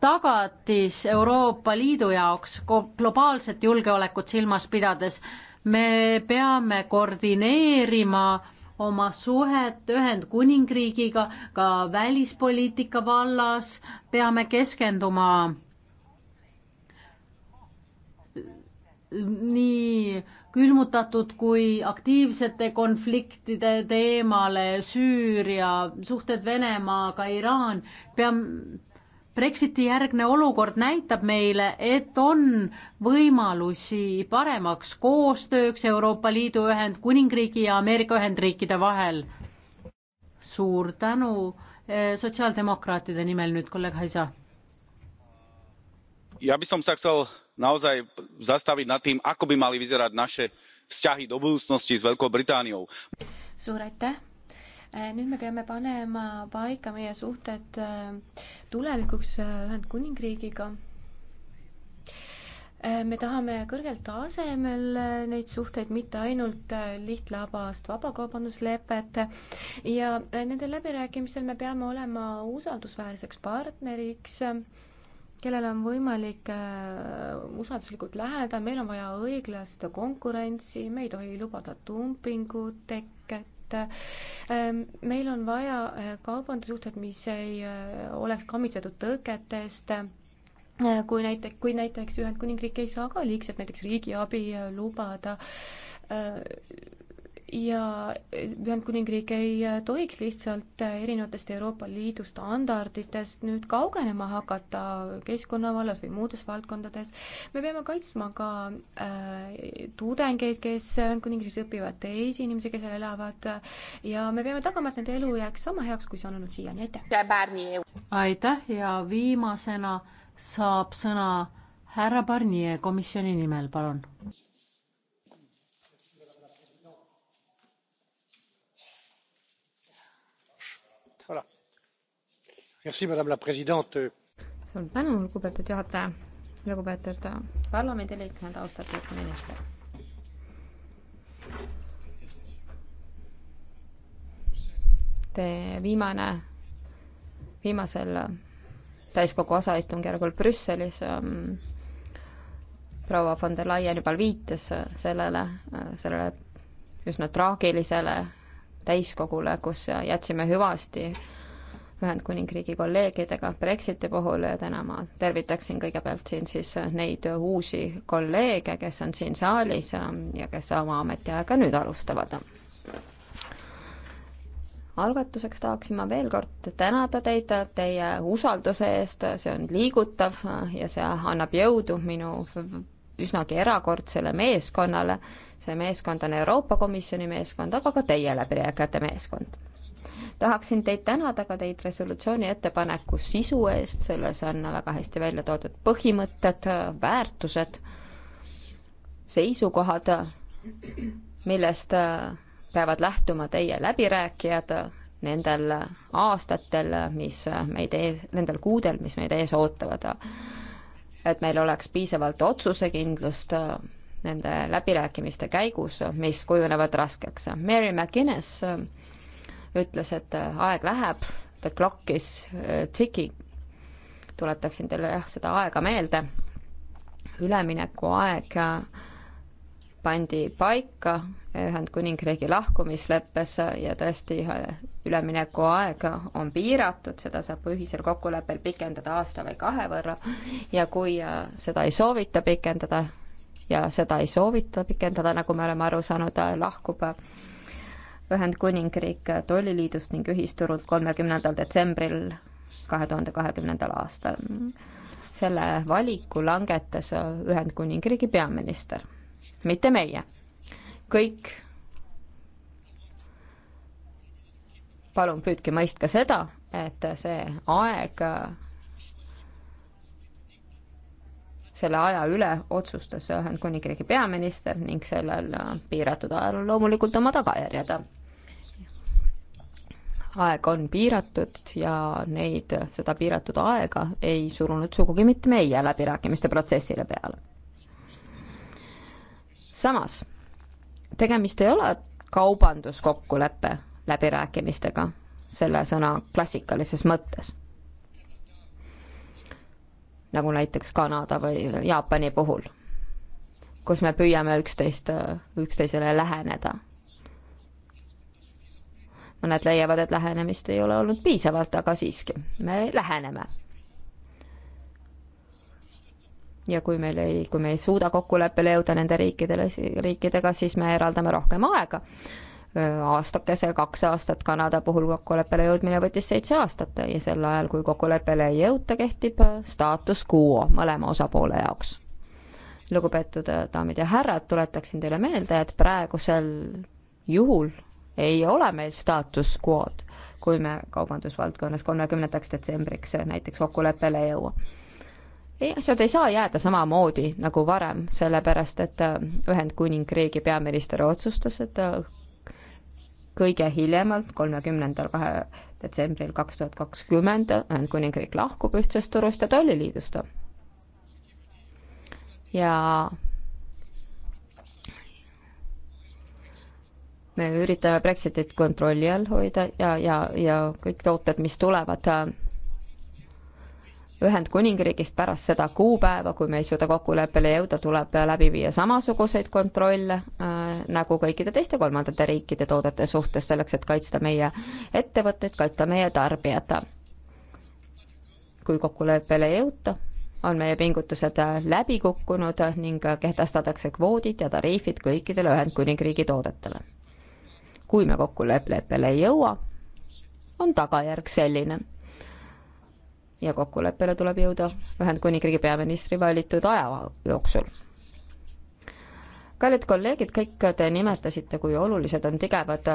tagatis Euroopa Liidu jaoks globaalset julgeolekut silmas pidades. me peame koordineerima oma suhet Ühendkuningriigiga ka välispoliitika vallas, peame keskenduma nii külmutatud kui aktiivsete konfliktide teemale, Süüria, suhted Venemaaga, Iraan, peame Brexiti järgne olukord näitab meile, et on võimalusi paremaks koostööks Euroopa Liidu Ühendkuningriigi ja Ameerika Ühendriikide vahel. suur tänu eh, sotsiaaldemokraatide nimel nüüd kolleeg Haisa. ja mis on saaks olla? naozaj zastaviť nad tým ako by mali vyzerať naše vzťahy do budúcnosti s veľkou britániou. suur aitäh! Äh, nüüd me peame panema paika meie suhted äh, tulevikuks äh, Ühendkuningriigiga. me tahame kõrgel tasemel neid suhteid, mitte ainult lihtlabast vabakaubanduslepet ja nendel läbirääkimistel me peame olema usaldusväärseks partneriks kellele on võimalik äh, usalduslikult läheneda, meil on vaja õiglast konkurentsi, me ei tohi lubada dumpingu tekket, ähm, meil on vaja äh, kaubandussuhted, mis ei äh, oleks kammitsetud tõketest, kui näiteks, kui näiteks Ühendkuningriik ei saa ka liigselt näiteks riigiabi lubada, ja Ühendkuningriik ei tohiks lihtsalt erinevatest Euroopa Liidu standarditest nüüd kaugenema hakata keskkonna vallas või muudes valdkondades. me peame kaitsma ka äh, tudengeid, kes Ühendkuningriigis õpivad, teisi inimesi, kes seal elavad ja me peame tagama, et nende elu jääks sama heaks, kui see on olnud siiani, aitäh! aitäh ja viimasena saab sõna härra Barnier komisjoni nimel, palun! suur tänu, lugupeetud juhataja, lugupeetud parlamendiliikmed, austatud minister. Te viimane, viimasel täiskogu osaistungjärgul Brüsselis ähm, proua von der Leyen juba viitas sellele, äh, sellele üsna traagilisele täiskogule, kus jätsime hüvasti äh, Ühendkuningriigi kolleegidega Brexiti puhul ja täna ma tervitaksin kõigepealt siin siis neid uusi kolleege, kes on siin saalis ja kes oma ametiaega nüüd alustavad. algatuseks tahaksin ma veel kord tänada teid teie usalduse eest, see on liigutav ja see annab jõudu minu üsnagi erakordsele meeskonnale, see meeskond on Euroopa Komisjoni meeskond, aga ka teie läbirääkijate meeskond tahaksin teid tänada ka teid resolutsiooni ettepaneku sisu eest, selles on väga hästi välja toodud põhimõtted, väärtused, seisukohad, millest äh, peavad lähtuma teie läbirääkijad nendel aastatel, mis meid ees, nendel kuudel, mis meid ees ootavad. et meil oleks piisavalt otsusekindlust äh, nende läbirääkimiste käigus, mis kujunevad raskeks. Mary McInnes äh, ütles, et äh, aeg läheb, the clock is äh, ticking. tuletaksin teile jah, seda aega meelde. üleminekuaeg äh, pandi paika Ühendkuningriigi lahkumisleppes ja tõesti, üleminekuaeg on piiratud, seda saab ühisel kokkuleppel pikendada aasta või kahe võrra ja kui seda ei soovita pikendada ja seda ei soovita pikendada, nagu me oleme aru saanud, lahkub Ühendkuningriik tolliliidust ning ühisturult kolmekümnendal detsembril kahe tuhande kahekümnendal aastal. selle valiku langetas Ühendkuningriigi peaminister, mitte meie. kõik, palun püüdke mõista seda, et see aeg, selle aja üle otsustas Ühendkuningriigi peaminister ning sellel piiratud ajal on loomulikult oma tagajärjed aeg on piiratud ja neid, seda piiratud aega ei surunud sugugi mitte meie läbirääkimiste protsessile peale. samas, tegemist ei ole kaubanduskokkuleppe läbirääkimistega selle sõna klassikalises mõttes. nagu näiteks Kanada või Jaapani puhul, kus me püüame üksteist, üksteisele läheneda mõned leiavad, et lähenemist ei ole olnud piisavalt, aga siiski, me läheneme. ja kui meil ei, kui me ei suuda kokkuleppele jõuda nende riikidele, riikidega, siis me eraldame rohkem aega. aastakese, kaks aastat, Kanada puhul kokkuleppele jõudmine võttis seitse aastat ja sel ajal, kui kokkuleppele ei jõuta, kehtib staatus quo mõlema osapoole jaoks lugupeetud daamid ja härrad, tuletaksin teile meelde, et praegusel juhul ei ole meil staatus quo'd, kui me kaubandusvaldkonnas kolmekümnendaks detsembriks näiteks kokkuleppele ei jõua. ei, asjad ei saa jääda samamoodi nagu varem, sellepärast et äh, Ühendkuningriigi peaminister otsustas, et äh, kõige hiljemalt kolmekümnendal kahe detsembril kaks tuhat kakskümmend Ühendkuningriik lahkub ühtsest turust ja tolliliidust. ja me üritame Brexitit kontrolli all hoida ja, ja, ja kõik tooted, mis tulevad äh, Ühendkuningriigist pärast seda kuupäeva, kui me ei suuda kokkuleppele jõuda, tuleb läbi viia samasuguseid kontrolle äh, nagu kõikide teiste kolmandate riikide toodete suhtes, selleks et kaitsta meie ettevõtteid, kaitsta meie tarbijad. kui kokkuleppele ei jõuta, on meie pingutused äh, läbi kukkunud ning äh, kehtestatakse kvoodid ja tariifid kõikidele Ühendkuningriigi toodetele kui me kokkuleppele ei jõua, on tagajärg selline. ja kokkuleppele tuleb jõuda Ühendkuningriigi peaministri valitud aja jooksul. kallid kolleegid, kõik te nimetasite, kui olulised on tigevad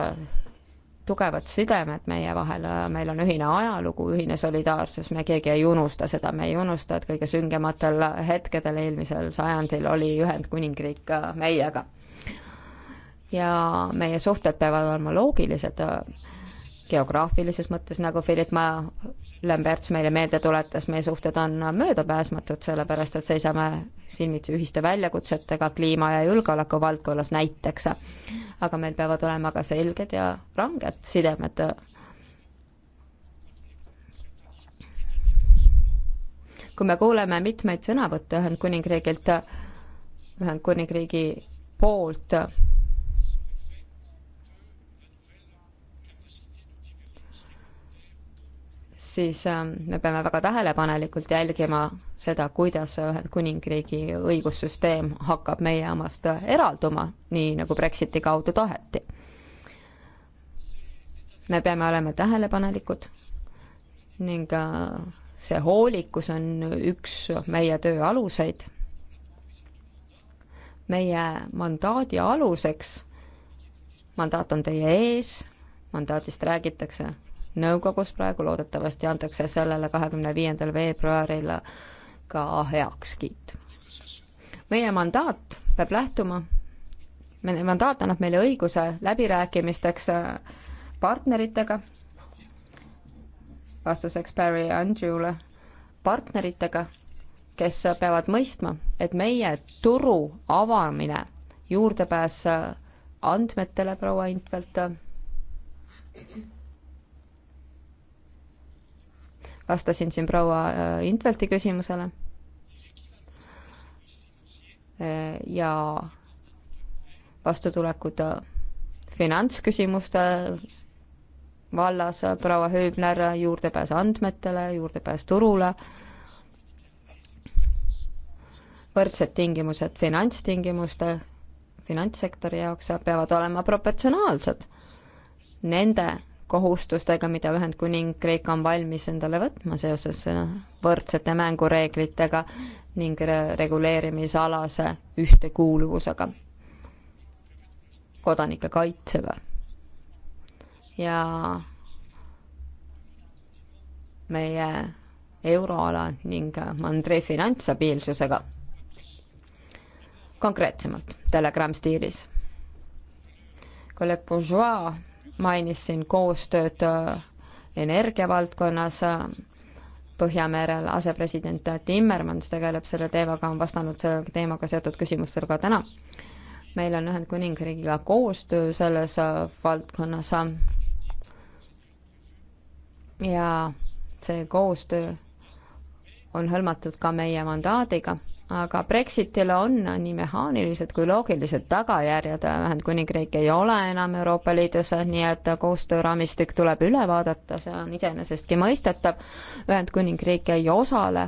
tugevad sidemed meie vahel, meil on ühine ajalugu, ühine solidaarsus, me keegi ei unusta seda, me ei unusta, et kõige süngematel hetkedel eelmisel sajandil oli Ühendkuningriik meiega ja meie suhted peavad olema loogilised äh, geograafilises mõttes, nagu Philip Ma Lemberts meile meelde tuletas, meie suhted on möödapääsmatud, sellepärast et seisame silmitsi ühiste väljakutsetega kliima ja julgeoleku valdkonnas näiteks. aga meil peavad olema ka selged ja ranged sidemed. kui me kuuleme mitmeid sõnavõtte Ühendkuningriigilt, Ühendkuningriigi poolt siis ähm, me peame väga tähelepanelikult jälgima seda, kuidas Ühendkuningriigi õigussüsteem hakkab meie omast eralduma, nii nagu Brexiti kaudu taheti. me peame olema tähelepanelikud ning äh, see hoolikus on üks meie töö aluseid. meie mandaadi aluseks, mandaat on teie ees, mandaadist räägitakse nõukogus praegu, loodetavasti antakse sellele kahekümne viiendal veebruaril ka heakskiit. meie mandaat peab lähtuma, meie mandaat annab meile õiguse läbirääkimisteks äh, partneritega, vastuseks Barry Andrew'le, partneritega, kes peavad mõistma, et meie turu avamine, juurdepääs äh, andmetele, proua Intvelt, vastasin siin proua äh, Intvelti küsimusele. Äh, ja vastutulekud äh, finantsküsimuste vallas, proua Hüübner, juurdepääs andmetele, juurdepääs turule, võrdsed tingimused finantstingimuste, finantssektori jaoks peavad olema proportsionaalsed nende kohustustega, mida Ühendkuningriik on valmis endale võtma seoses äh, võrdsete mängureeglitega ning re reguleerimisalase ühtekuuluvusega, kodanike kaitsega. ja meie euroala ning mandri finantsstabiilsusega. konkreetsemalt Telegram stiilis. kolleeg Bourgeois mainis siin koostööd äh, energiavaldkonnas äh, Põhjamerel, asepresident Timmermans tegeleb selle teemaga, on vastanud selle teemaga seotud küsimustele ka täna. meil on Ühendkuningriigiga koostöö selles äh, valdkonnas ja see koostöö on hõlmatud ka meie mandaadiga, aga Brexitil on nii mehaanilised kui loogilised tagajärjed, Ühendkuningriik ei ole enam Euroopa Liidus, nii et koostööraamistik tuleb üle vaadata, see on iseenesestki mõistetav, Ühendkuningriik ei osale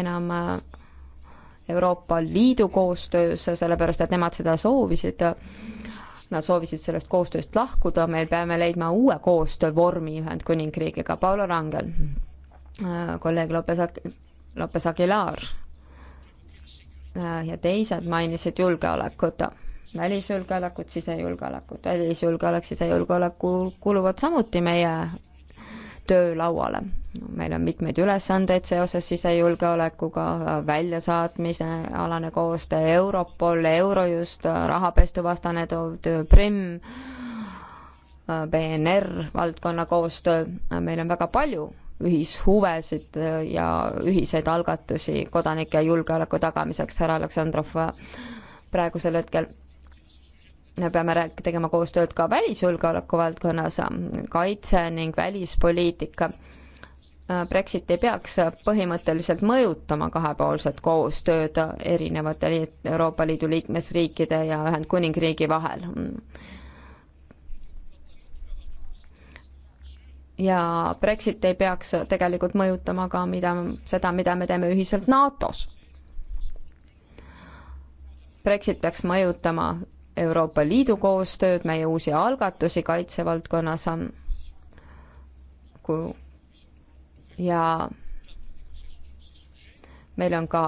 enam Euroopa Liidu koostöös, sellepärast et nemad seda soovisid, nad soovisid sellest koostööst lahkuda, me peame leidma uue koostöövormi Ühendkuningriigiga, Paolo Rangel kolleeg Lopes, Lopes Aguilar ja teised mainisid julgeolekut, välisjulgeolekut, sisejulgeolekut, välisjulgeolek, sisejulgeolek kuuluvad samuti meie töölauale. meil on mitmeid ülesandeid seoses sisejulgeolekuga, väljasaatmise alane koostöö, Europol, Eurojust, rahapestuvastane töö, Prim, PNR valdkonna koostöö, meil on väga palju ühishuvesid äh, ja ühiseid algatusi kodanike julgeoleku tagamiseks, härra Aleksandrov, äh, praegusel hetkel me peame rääk-, tegema koostööd ka välisjulgeoleku valdkonnas, kaitse ning välispoliitika. Äh, Brexit ei peaks põhimõtteliselt mõjutama kahepoolset koostööd erinevate Euroopa Liidu liikmesriikide ja Ühendkuningriigi vahel ja Brexit ei peaks tegelikult mõjutama ka mida, seda, mida me teeme ühiselt NATO-s. Brexit peaks mõjutama Euroopa Liidu koostööd, meie uusi algatusi kaitsevaldkonnas on, kui ja meil on ka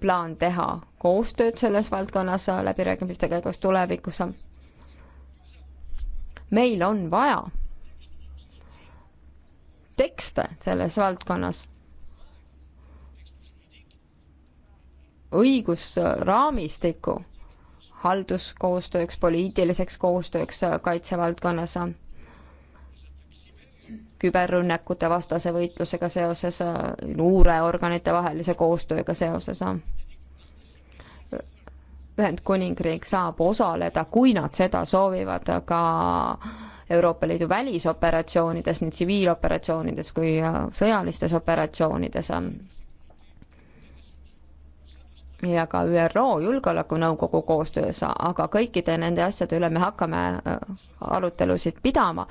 plaan teha koostööd selles valdkonnas läbirääkimiste käigus tulevikus. meil on vaja tekste selles valdkonnas. õigusraamistiku halduskoostööks, poliitiliseks koostööks kaitsevaldkonnas, küberrünnakute vastase võitlusega seoses, luureorganite vahelise koostööga seoses. Ühendkuningriik saab osaleda, kui nad seda soovivad, ka Euroopa Liidu välisoperatsioonides, nii tsiviiloperatsioonides kui äh, sõjalistes operatsioonides. Ähm, ja ka ÜRO Julgeolekunõukogu koostöös, aga kõikide nende asjade üle me hakkame äh, arutelusid pidama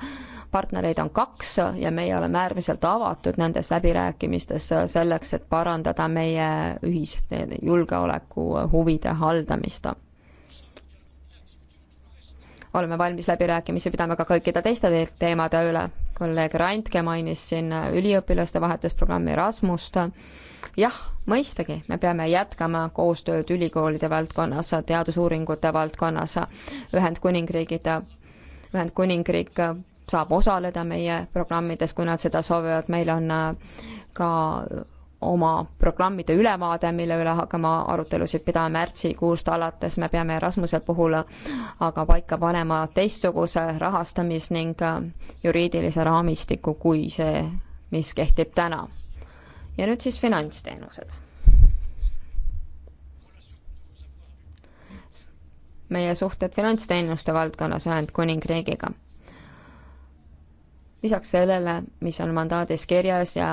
partnereid on kaks ja meie oleme äärmiselt avatud nendes läbirääkimistes äh, selleks, et parandada meie ühiste julgeolekuhuvide haldamist oleme valmis läbirääkimisi pidama ka kõikide teiste teemade üle. kolleeg Randke mainis siin üliõpilaste vahetusprogrammi Rasmust. jah, mõistagi, me peame jätkama koostööd ülikoolide valdkonnas, teadusuuringute valdkonnas, Ühendkuningriigid, Ühendkuningriik saab osaleda meie programmides, kui nad seda soovivad, meil on ka oma programmide ülevaade, mille üle hakkame arutelusid pidama märtsikuust alates, me peame Erasmuse puhul aga paika panema teistsuguse rahastamis- ning äh, juriidilise raamistiku kui see, mis kehtib täna. ja nüüd siis finantsteenused. meie suhted finantsteenuste valdkonnas Ühendkuningriigiga lisaks sellele, mis on mandaadis kirjas ja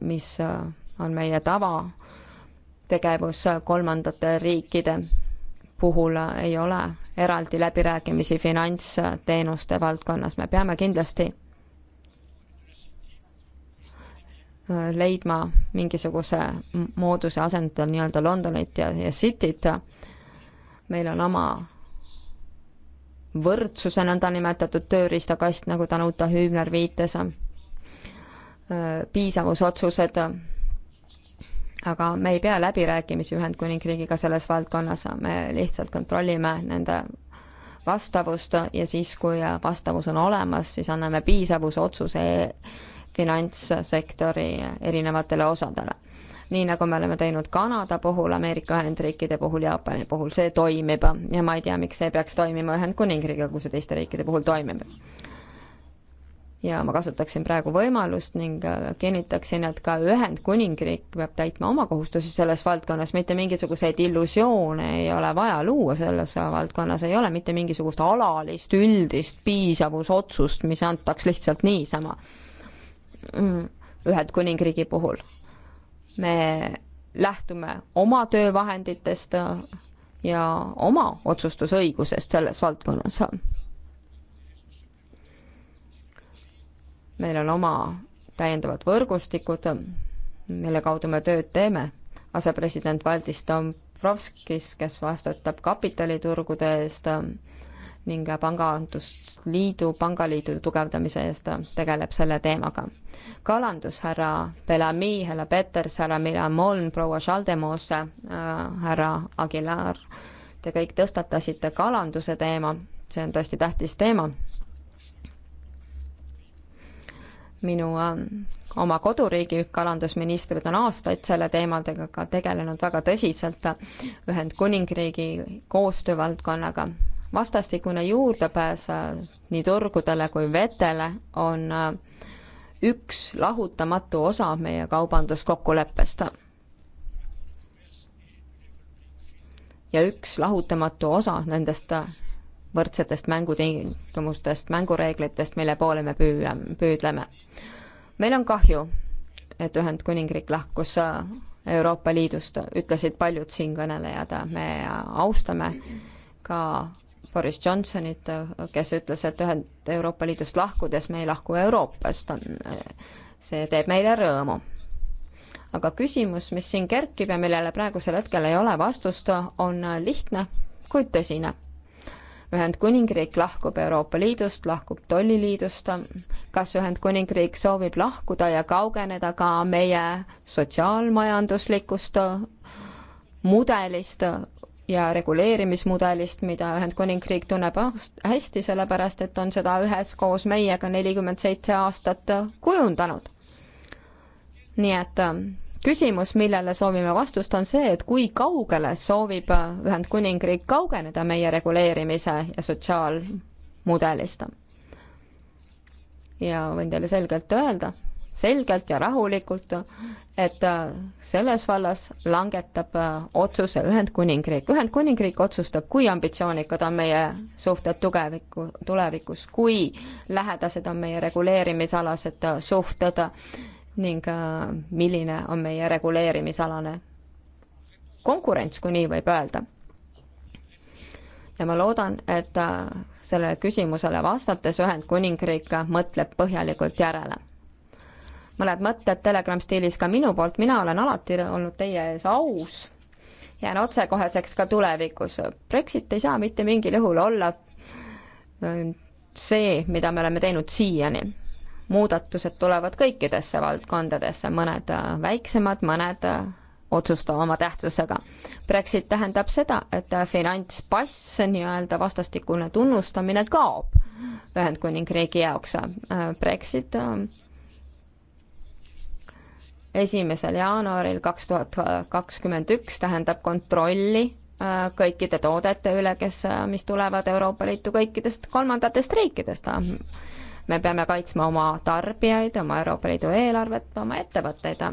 mis äh, on meie tavategevus kolmandate riikide puhul ei ole eraldi läbirääkimisi finantsteenuste valdkonnas, me peame kindlasti äh, leidma mingisuguse mooduse asendada nii-öelda Londonit ja, ja Cityt. meil on oma võrdsuse nõndanimetatud tööriistakast, nagu Danuta Hübner viitas, äh, piisavusotsused aga me ei pea läbirääkimisi Ühendkuningriigiga selles valdkonnas, me lihtsalt kontrollime nende vastavust ja siis, kui vastavus on olemas, siis anname piisavuse otsuse finantssektori erinevatele osadele. nii nagu me oleme teinud Kanada puhul, Ameerika Ühendriikide puhul, Jaapani puhul, see toimib ja ma ei tea, miks see peaks toimima Ühendkuningriigiga, kui see teiste riikide puhul toimib ja ma kasutaksin praegu võimalust ning äh, kinnitaksin, et ka Ühendkuningriik peab täitma oma kohustusi selles valdkonnas, mitte mingisuguseid illusioone ei ole vaja luua selles valdkonnas, ei ole mitte mingisugust alalist üldist piisavusotsust, mis antaks lihtsalt niisama mm, Ühendkuningriigi puhul. me lähtume oma töövahenditest äh, ja oma otsustusõigusest selles valdkonnas meil on oma täiendavad võrgustikud, mille kaudu me tööd teeme, asepresident Valdis Dombrovskis, kes vastutab kapitaliturgude eest ning pangandusliidu, pangaliidu tugevdamise eest tegeleb selle teemaga. kalandus härra Bellami, härra Peters, härra Milamon, proua Schaldemose, härra Aguilar, te kõik tõstatasite kalanduse teema, see on tõesti tähtis teema minu ähm, oma koduriigi kalandusministrid on aastaid selle teemadega ka tegelenud väga tõsiselt Ühendkuningriigi koostöövaldkonnaga. vastastikune juurdepääs äh, nii turgudele kui vetele on äh, üks lahutamatu osa meie kaubanduskokkuleppest. ja üks lahutamatu osa nendest äh, võrdsetest mängutingimustest, mängureeglitest, mille poole me püüa, püüdleme. meil on kahju, et Ühendkuningriik lahkus äh, Euroopa Liidust, ütlesid paljud siinkõnelejad, me austame ka Boris Johnsonit, kes ütles, et ühend Euroopa Liidust lahkudes me ei lahku Euroopast, äh, see teeb meile rõõmu. aga küsimus, mis siin kerkib ja millele praegusel hetkel ei ole vastust, on äh, lihtne, kuid tõsine Ühendkuningriik lahkub Euroopa Liidust, lahkub tolliliidust, kas Ühendkuningriik soovib lahkuda ja kaugeneda ka meie sotsiaalmajanduslikust mudelist ja reguleerimismudelist, mida Ühendkuningriik tunneb hästi, sellepärast et on seda üheskoos meiega nelikümmend seitse aastat kujundanud. nii et küsimus, millele soovime vastust, on see, et kui kaugele soovib Ühendkuningriik kaugeneda meie reguleerimise ja sotsiaalmudelist. ja võin teile selgelt öelda, selgelt ja rahulikult, et selles vallas langetab otsuse Ühendkuningriik. Ühendkuningriik otsustab, kui ambitsioonikad on meie suhted tuleviku, tulevikus, kui lähedased on meie reguleerimisalased suhted ning äh, milline on meie reguleerimisalane konkurents, kui nii võib öelda. ja ma loodan, et äh, sellele küsimusele vastates Ühendkuningriik mõtleb põhjalikult järele. mõned mõtted Telegram stiilis ka minu poolt, mina olen alati olnud teie ees aus, jään otsekoheseks ka tulevikus. Brexit ei saa mitte mingil juhul olla äh, see, mida me oleme teinud siiani muudatused tulevad kõikidesse valdkondadesse, mõned äh, väiksemad, mõned äh, otsustavama tähtsusega. Brexit tähendab seda, et äh, finantspass, nii-öelda vastastikune tunnustamine kaob Ühendkuningriigi jaoks. Brexit esimesel jaanuaril kaks tuhat kakskümmend üks tähendab kontrolli kõikide toodete üle, kes, mis tulevad Euroopa Liitu kõikidest kolmandatest riikidest me peame kaitsma oma tarbijaid, oma Euroopa Liidu eelarvet, oma ettevõtteid.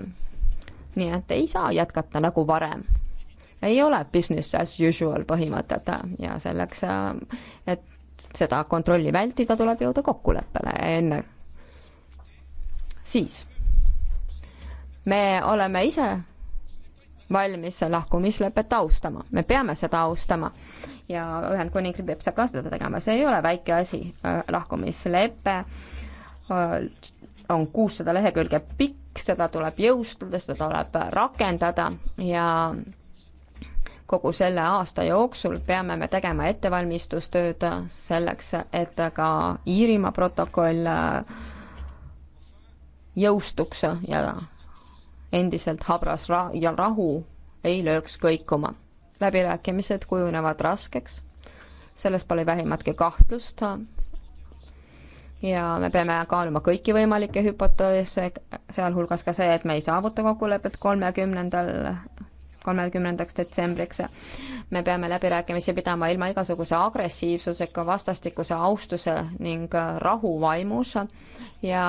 nii et ei saa jätkata nagu varem. ei ole business as usual põhimõtet ja selleks, et seda kontrolli vältida, tuleb jõuda kokkuleppele enne. siis me oleme ise valmis lahkumislepet austama, me peame seda austama ja Ühendkuningriik peab ka seda tegema, see ei ole väike asi, äh, lahkumislepe äh, on kuussada lehekülge pikk, seda tuleb jõustada, seda tuleb rakendada ja kogu selle aasta jooksul peame me tegema ettevalmistustööd selleks, et ka Iirimaa protokoll äh, jõustuks ja endiselt habras ra- ja rahu ei lööks kõikuma läbirääkimised kujunevad raskeks, selles pole vähimatki kahtlust. ja me peame kaaluma kõiki võimalikke hüpoteese, sealhulgas ka see, et me ei saavuta kokkulepet kolmekümnendal kolmekümnendaks detsembriks. me peame läbirääkimisi pidama ilma igasuguse agressiivsusega, vastastikuse austuse ning rahuvaimus ja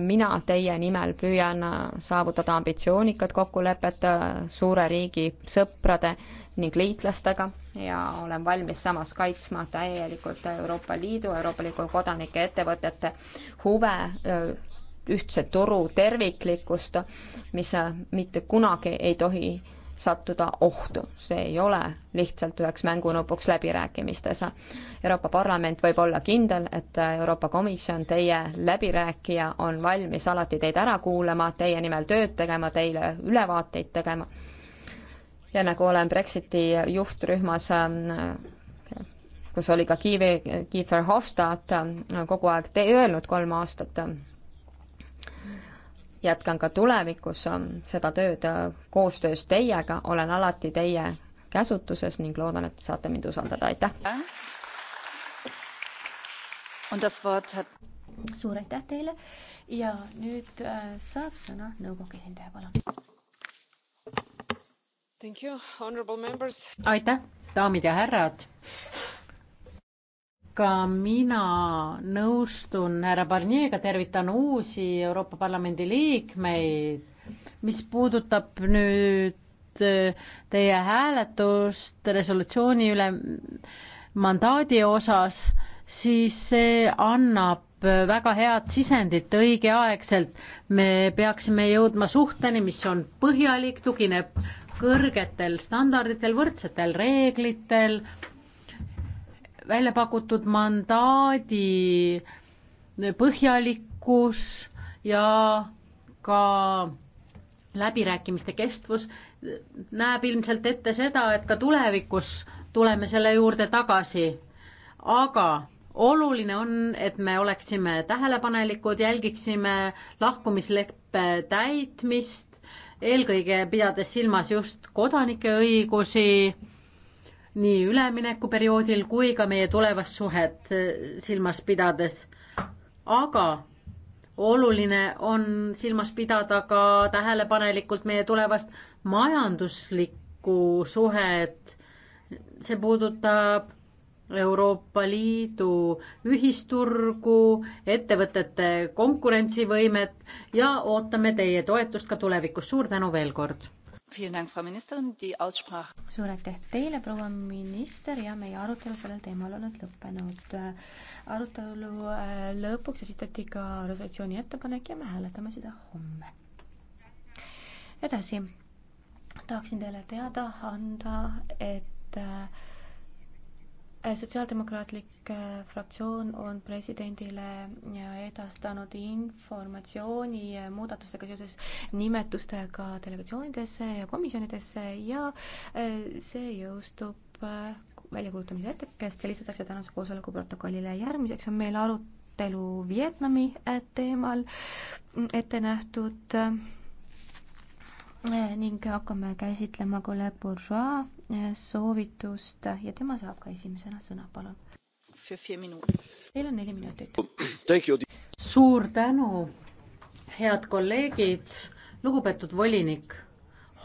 mina teie nimel püüan saavutada ambitsioonikat kokkulepet äh, suure riigi sõprade ning liitlastega ja olen valmis samas kaitsma täielikult Euroopa Liidu, Euroopa Liidu kodanike, ettevõtete huve, äh, ühtse turu terviklikkust, mis äh, mitte kunagi ei tohi sattuda ohtu. see ei ole lihtsalt üheks mängunupuks läbirääkimistes. Euroopa Parlament võib olla kindel, et Euroopa Komisjon, teie läbirääkija, on valmis alati teid ära kuulama, teie nimel tööd tegema, teile ülevaateid tegema. ja nagu olen Brexiti juhtrühmas kus oli ka Kiivi, Kiefer Hofstad kogu aeg öelnud kolm aastat jätkan ka tulevikus ähm, seda tööd äh, koostöös teiega, olen alati teie käsutuses ning loodan, et saate mind usaldada, aitäh! suur aitäh teile ja nüüd äh, saab sõna nõukogu esindaja, palun. aitäh, daamid ja härrad ka mina nõustun härra Barnieriga, tervitan uusi Euroopa Parlamendi liikmeid. mis puudutab nüüd äh, teie hääletust resolutsiooni üle mandaadi osas, siis see annab väga head sisendit õigeaegselt. me peaksime jõudma suhteni, mis on põhjalik, tugineb kõrgetel standarditel, võrdsetel reeglitel välja pakutud mandaadi põhjalikkus ja ka läbirääkimiste kestvus näeb ilmselt ette seda, et ka tulevikus tuleme selle juurde tagasi. aga oluline on, et me oleksime tähelepanelikud, jälgiksime lahkumisleppe täitmist, eelkõige pidades silmas just kodanike õigusi nii üleminekuperioodil kui ka meie tulevast suhet eh, silmas pidades. aga oluline on silmas pidada ka tähelepanelikult meie tulevast majanduslikku suhet. see puudutab Euroopa Liidu ühisturgu, ettevõtete konkurentsivõimet ja ootame teie toetust ka tulevikus. suur tänu veel kord! suur aitäh teile, proua minister ja meie arutelu sellel teemal on nüüd lõppenud. arutelu äh, lõpuks esitati ka resolutsiooni ettepanek ja me hääletame seda homme. edasi tahaksin teile teada anda, et äh, Eh, sotsiaaldemokraatlik eh, fraktsioon on presidendile eh, edastanud informatsiooni muudatustega seoses nimetustega delegatsioonidesse ja komisjonidesse ja see jõustub väljakuulutamise hetkest ja lisatakse tänase koosoleku protokollile. järgmiseks on meil arutelu Vietnami teemal mm, ette nähtud Eh, ning hakkame käsitlema kolleeg Bourgeois eh, soovitust ja tema saab ka esimesena sõna, palun. Teil on neli minutit. suur tänu, head kolleegid, lugupeetud volinik.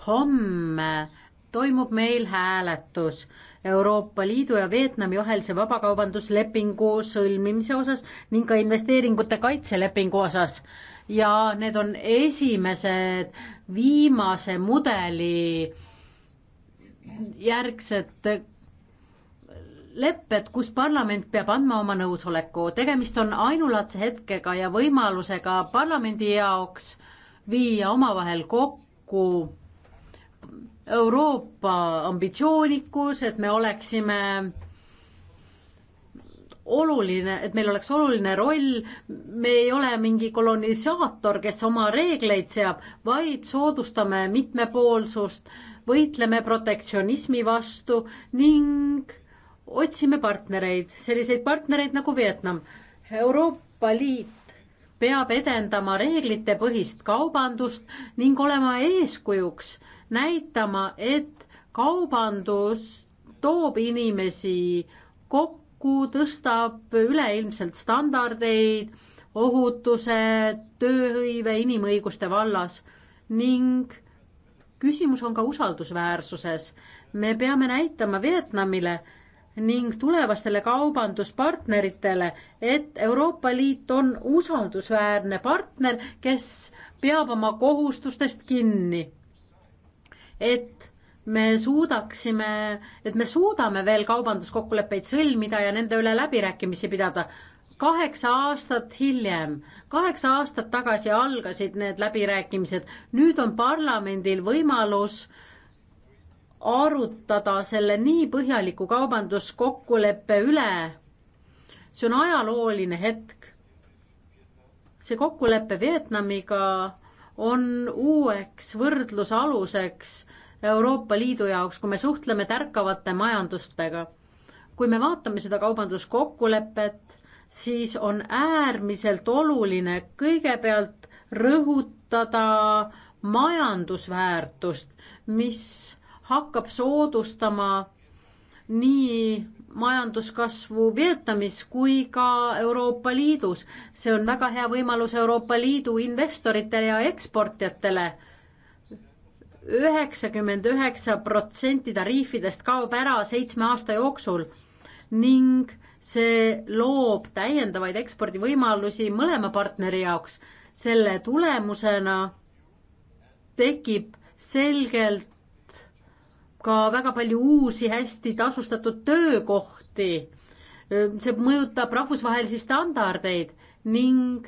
homme toimub meil hääletus Euroopa Liidu ja Vietnami vahelise vabakaubanduslepingu sõlmimise osas ning ka investeeringute kaitselepingu osas ja need on esimesed viimase mudeli järgsed lepped, kus parlament peab andma oma nõusoleku. tegemist on ainulaadse hetkega ja võimalusega parlamendi jaoks viia omavahel kokku Euroopa ambitsioonikus, et me oleksime oluline, et meil oleks oluline roll, me ei ole mingi kolonisaator, kes oma reegleid seab, vaid soodustame mitmepoolsust, võitleme protektsionismi vastu ning otsime partnereid, selliseid partnereid nagu Vietnam. Euroopa Liit peab edendama reeglitepõhist kaubandust ning olema eeskujuks, näitama, et kaubandus toob inimesi kokku kokku, tõstab üleilmselt standardeid ohutuse, tööhõive, inimõiguste vallas ning küsimus on ka usaldusväärsuses. me peame näitama Vietnamile ning tulevastele kaubanduspartneritele, et Euroopa Liit on usaldusväärne partner, kes peab oma kohustustest kinni. et me suudaksime, et me suudame veel kaubanduskokkuleppeid sõlmida ja nende üle läbirääkimisi pidada. kaheksa aastat hiljem, kaheksa aastat tagasi algasid need läbirääkimised, nüüd on parlamendil võimalus arutada selle nii põhjaliku kaubanduskokkuleppe üle. see on ajalooline hetk. see kokkulepe Vietnamiga on uueks võrdlusaluseks Euroopa Liidu jaoks, kui me suhtleme tärkavate majandustega. kui me vaatame seda kaubanduskokkulepet, siis on äärmiselt oluline kõigepealt rõhutada majandusväärtust, mis hakkab soodustama nii majanduskasvu Vietnamis kui ka Euroopa Liidus. see on väga hea võimalus Euroopa Liidu investoritele ja eksportijatele üheksakümmend üheksa protsenti tariifidest kaob ära seitsme aasta jooksul ning see loob täiendavaid ekspordivõimalusi mõlema partneri jaoks. selle tulemusena tekib selgelt ka väga palju uusi hästi tasustatud töökohti. see mõjutab rahvusvahelisi standardeid ning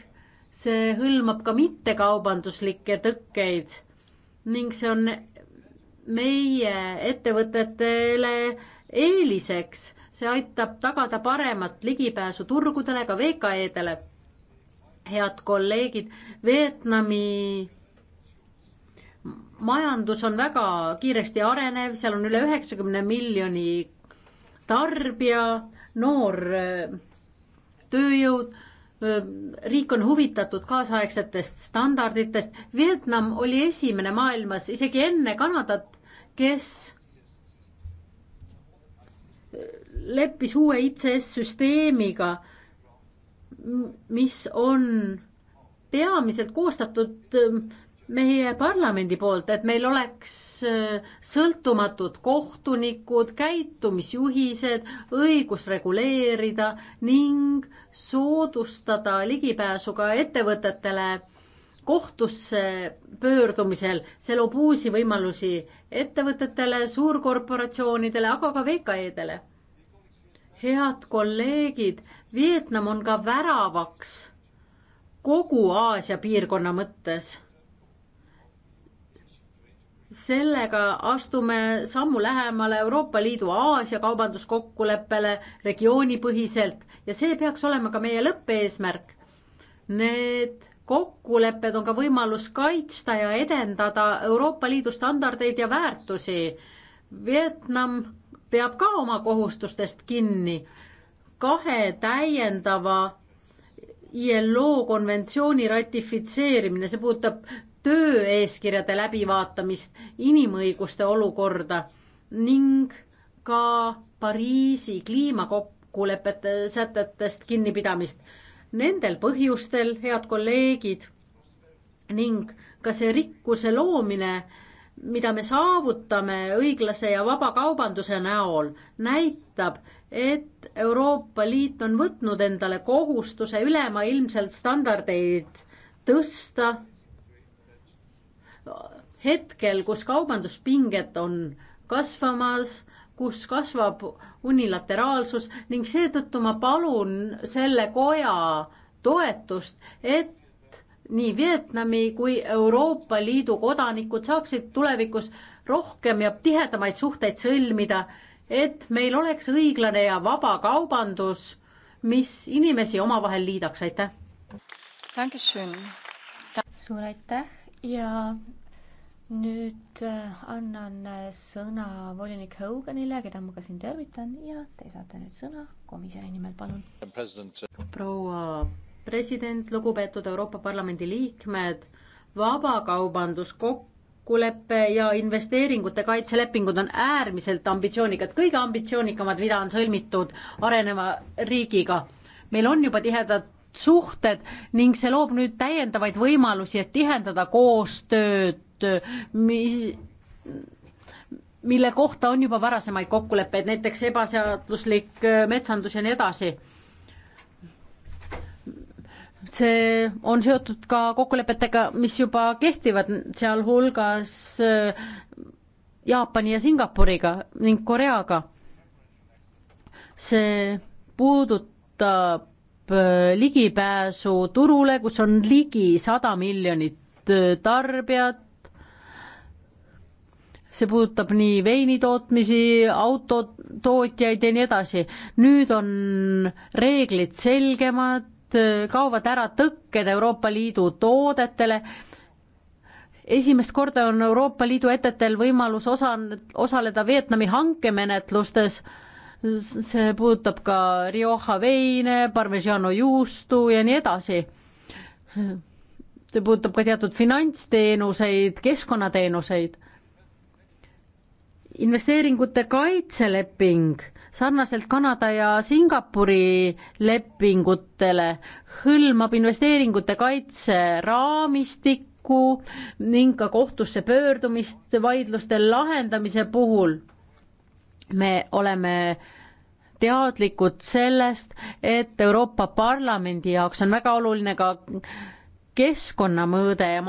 see hõlmab ka mittekaubanduslikke tõkkeid ning see on meie ettevõtetele eeliseks, see aitab tagada paremat ligipääsu turgudele, ka VKE-dele. head kolleegid, Vietnami majandus on väga kiiresti arenev, seal on üle üheksakümne miljoni tarbija, noor äh, tööjõud riik on huvitatud kaasaegsetest standarditest. Vietnam oli esimene maailmas, isegi enne Kanadat, kes leppis uue ICS süsteemiga, mis on peamiselt koostatud meie parlamendi poolt, et meil oleks äh, sõltumatud kohtunikud, käitumisjuhised, õigus reguleerida ning soodustada ligipääsu ka ettevõtetele kohtusse pöördumisel, see loob uusi võimalusi ettevõtetele, suurkorporatsioonidele, aga ka VKE-dele. head kolleegid, Vietnam on ka väravaks kogu Aasia piirkonna mõttes sellega astume sammu lähemale Euroopa Liidu Aasia kaubanduskokkuleppele regioonipõhiselt ja see peaks olema ka meie lõppeesmärk. Need kokkulepped on ka võimalus kaitsta ja edendada Euroopa Liidu standardeid ja väärtusi. Vietnam peab ka oma kohustustest kinni. kahe täiendava ILO konventsiooni ratifitseerimine, see puudutab tööeeskirjade läbivaatamist, inimõiguste olukorda ning ka Pariisi kliimakokkulepete sätetest kinnipidamist. Nendel põhjustel, head kolleegid, ning ka see rikkuse loomine, mida me saavutame õiglase ja vaba kaubanduse näol, näitab, et Euroopa Liit on võtnud endale kohustuse ülemaailmselt standardeid tõsta hetkel, kus kaubanduspinged on kasvamas, kus kasvab unilateraalsus ning seetõttu ma palun selle koja toetust, et nii Vietnami kui Euroopa Liidu kodanikud saaksid tulevikus rohkem ja tihedamaid suhteid sõlmida, et meil oleks õiglane ja vaba kaubandus, mis inimesi omavahel liidaks, aitäh! suur aitäh! ja nüüd äh, annan äh, sõna volinik Hoganile, keda ma ka siin tervitan ja te saate nüüd sõna komisjoni nimel, palun. proua president, lugupeetud Euroopa Parlamendi liikmed, vabakaubanduskokkulepe ja investeeringute kaitselepingud on äärmiselt ambitsioonikad, kõige ambitsioonikamad, mida on sõlmitud areneva riigiga. meil on juba tihedad suhted ning see loob nüüd täiendavaid võimalusi, et tihendada koostööd, mi-, mille kohta on juba varasemaid kokkuleppeid, näiteks ebaseaduslik äh, metsandus ja nii edasi. see on seotud ka kokkulepetega, mis juba kehtivad, sealhulgas äh, Jaapani ja Singapuriga ning Koreaga. see puudutab Äh, ligipääsu turule, kus on ligi sada miljonit äh, tarbijat, see puudutab nii veinitootmisi, autotootjaid ja nii edasi. nüüd on reeglid selgemad, äh, kaovad ära tõkked Euroopa Liidu toodetele. esimest korda on Euroopa Liidu ettetel võimalus osa, osaleda Vietnami hankemenetlustes see puudutab ka Rioja veine, Parmesano juustu ja nii edasi. see puudutab ka teatud finantsteenuseid, keskkonnateenuseid. investeeringute kaitseleping sarnaselt Kanada ja Singapuri lepingutele hõlmab investeeringute kaitse raamistikku ning ka kohtusse pöördumist vaidluste lahendamise puhul me oleme teadlikud sellest, et Euroopa Parlamendi jaoks on väga oluline ka keskkonnamõõde ja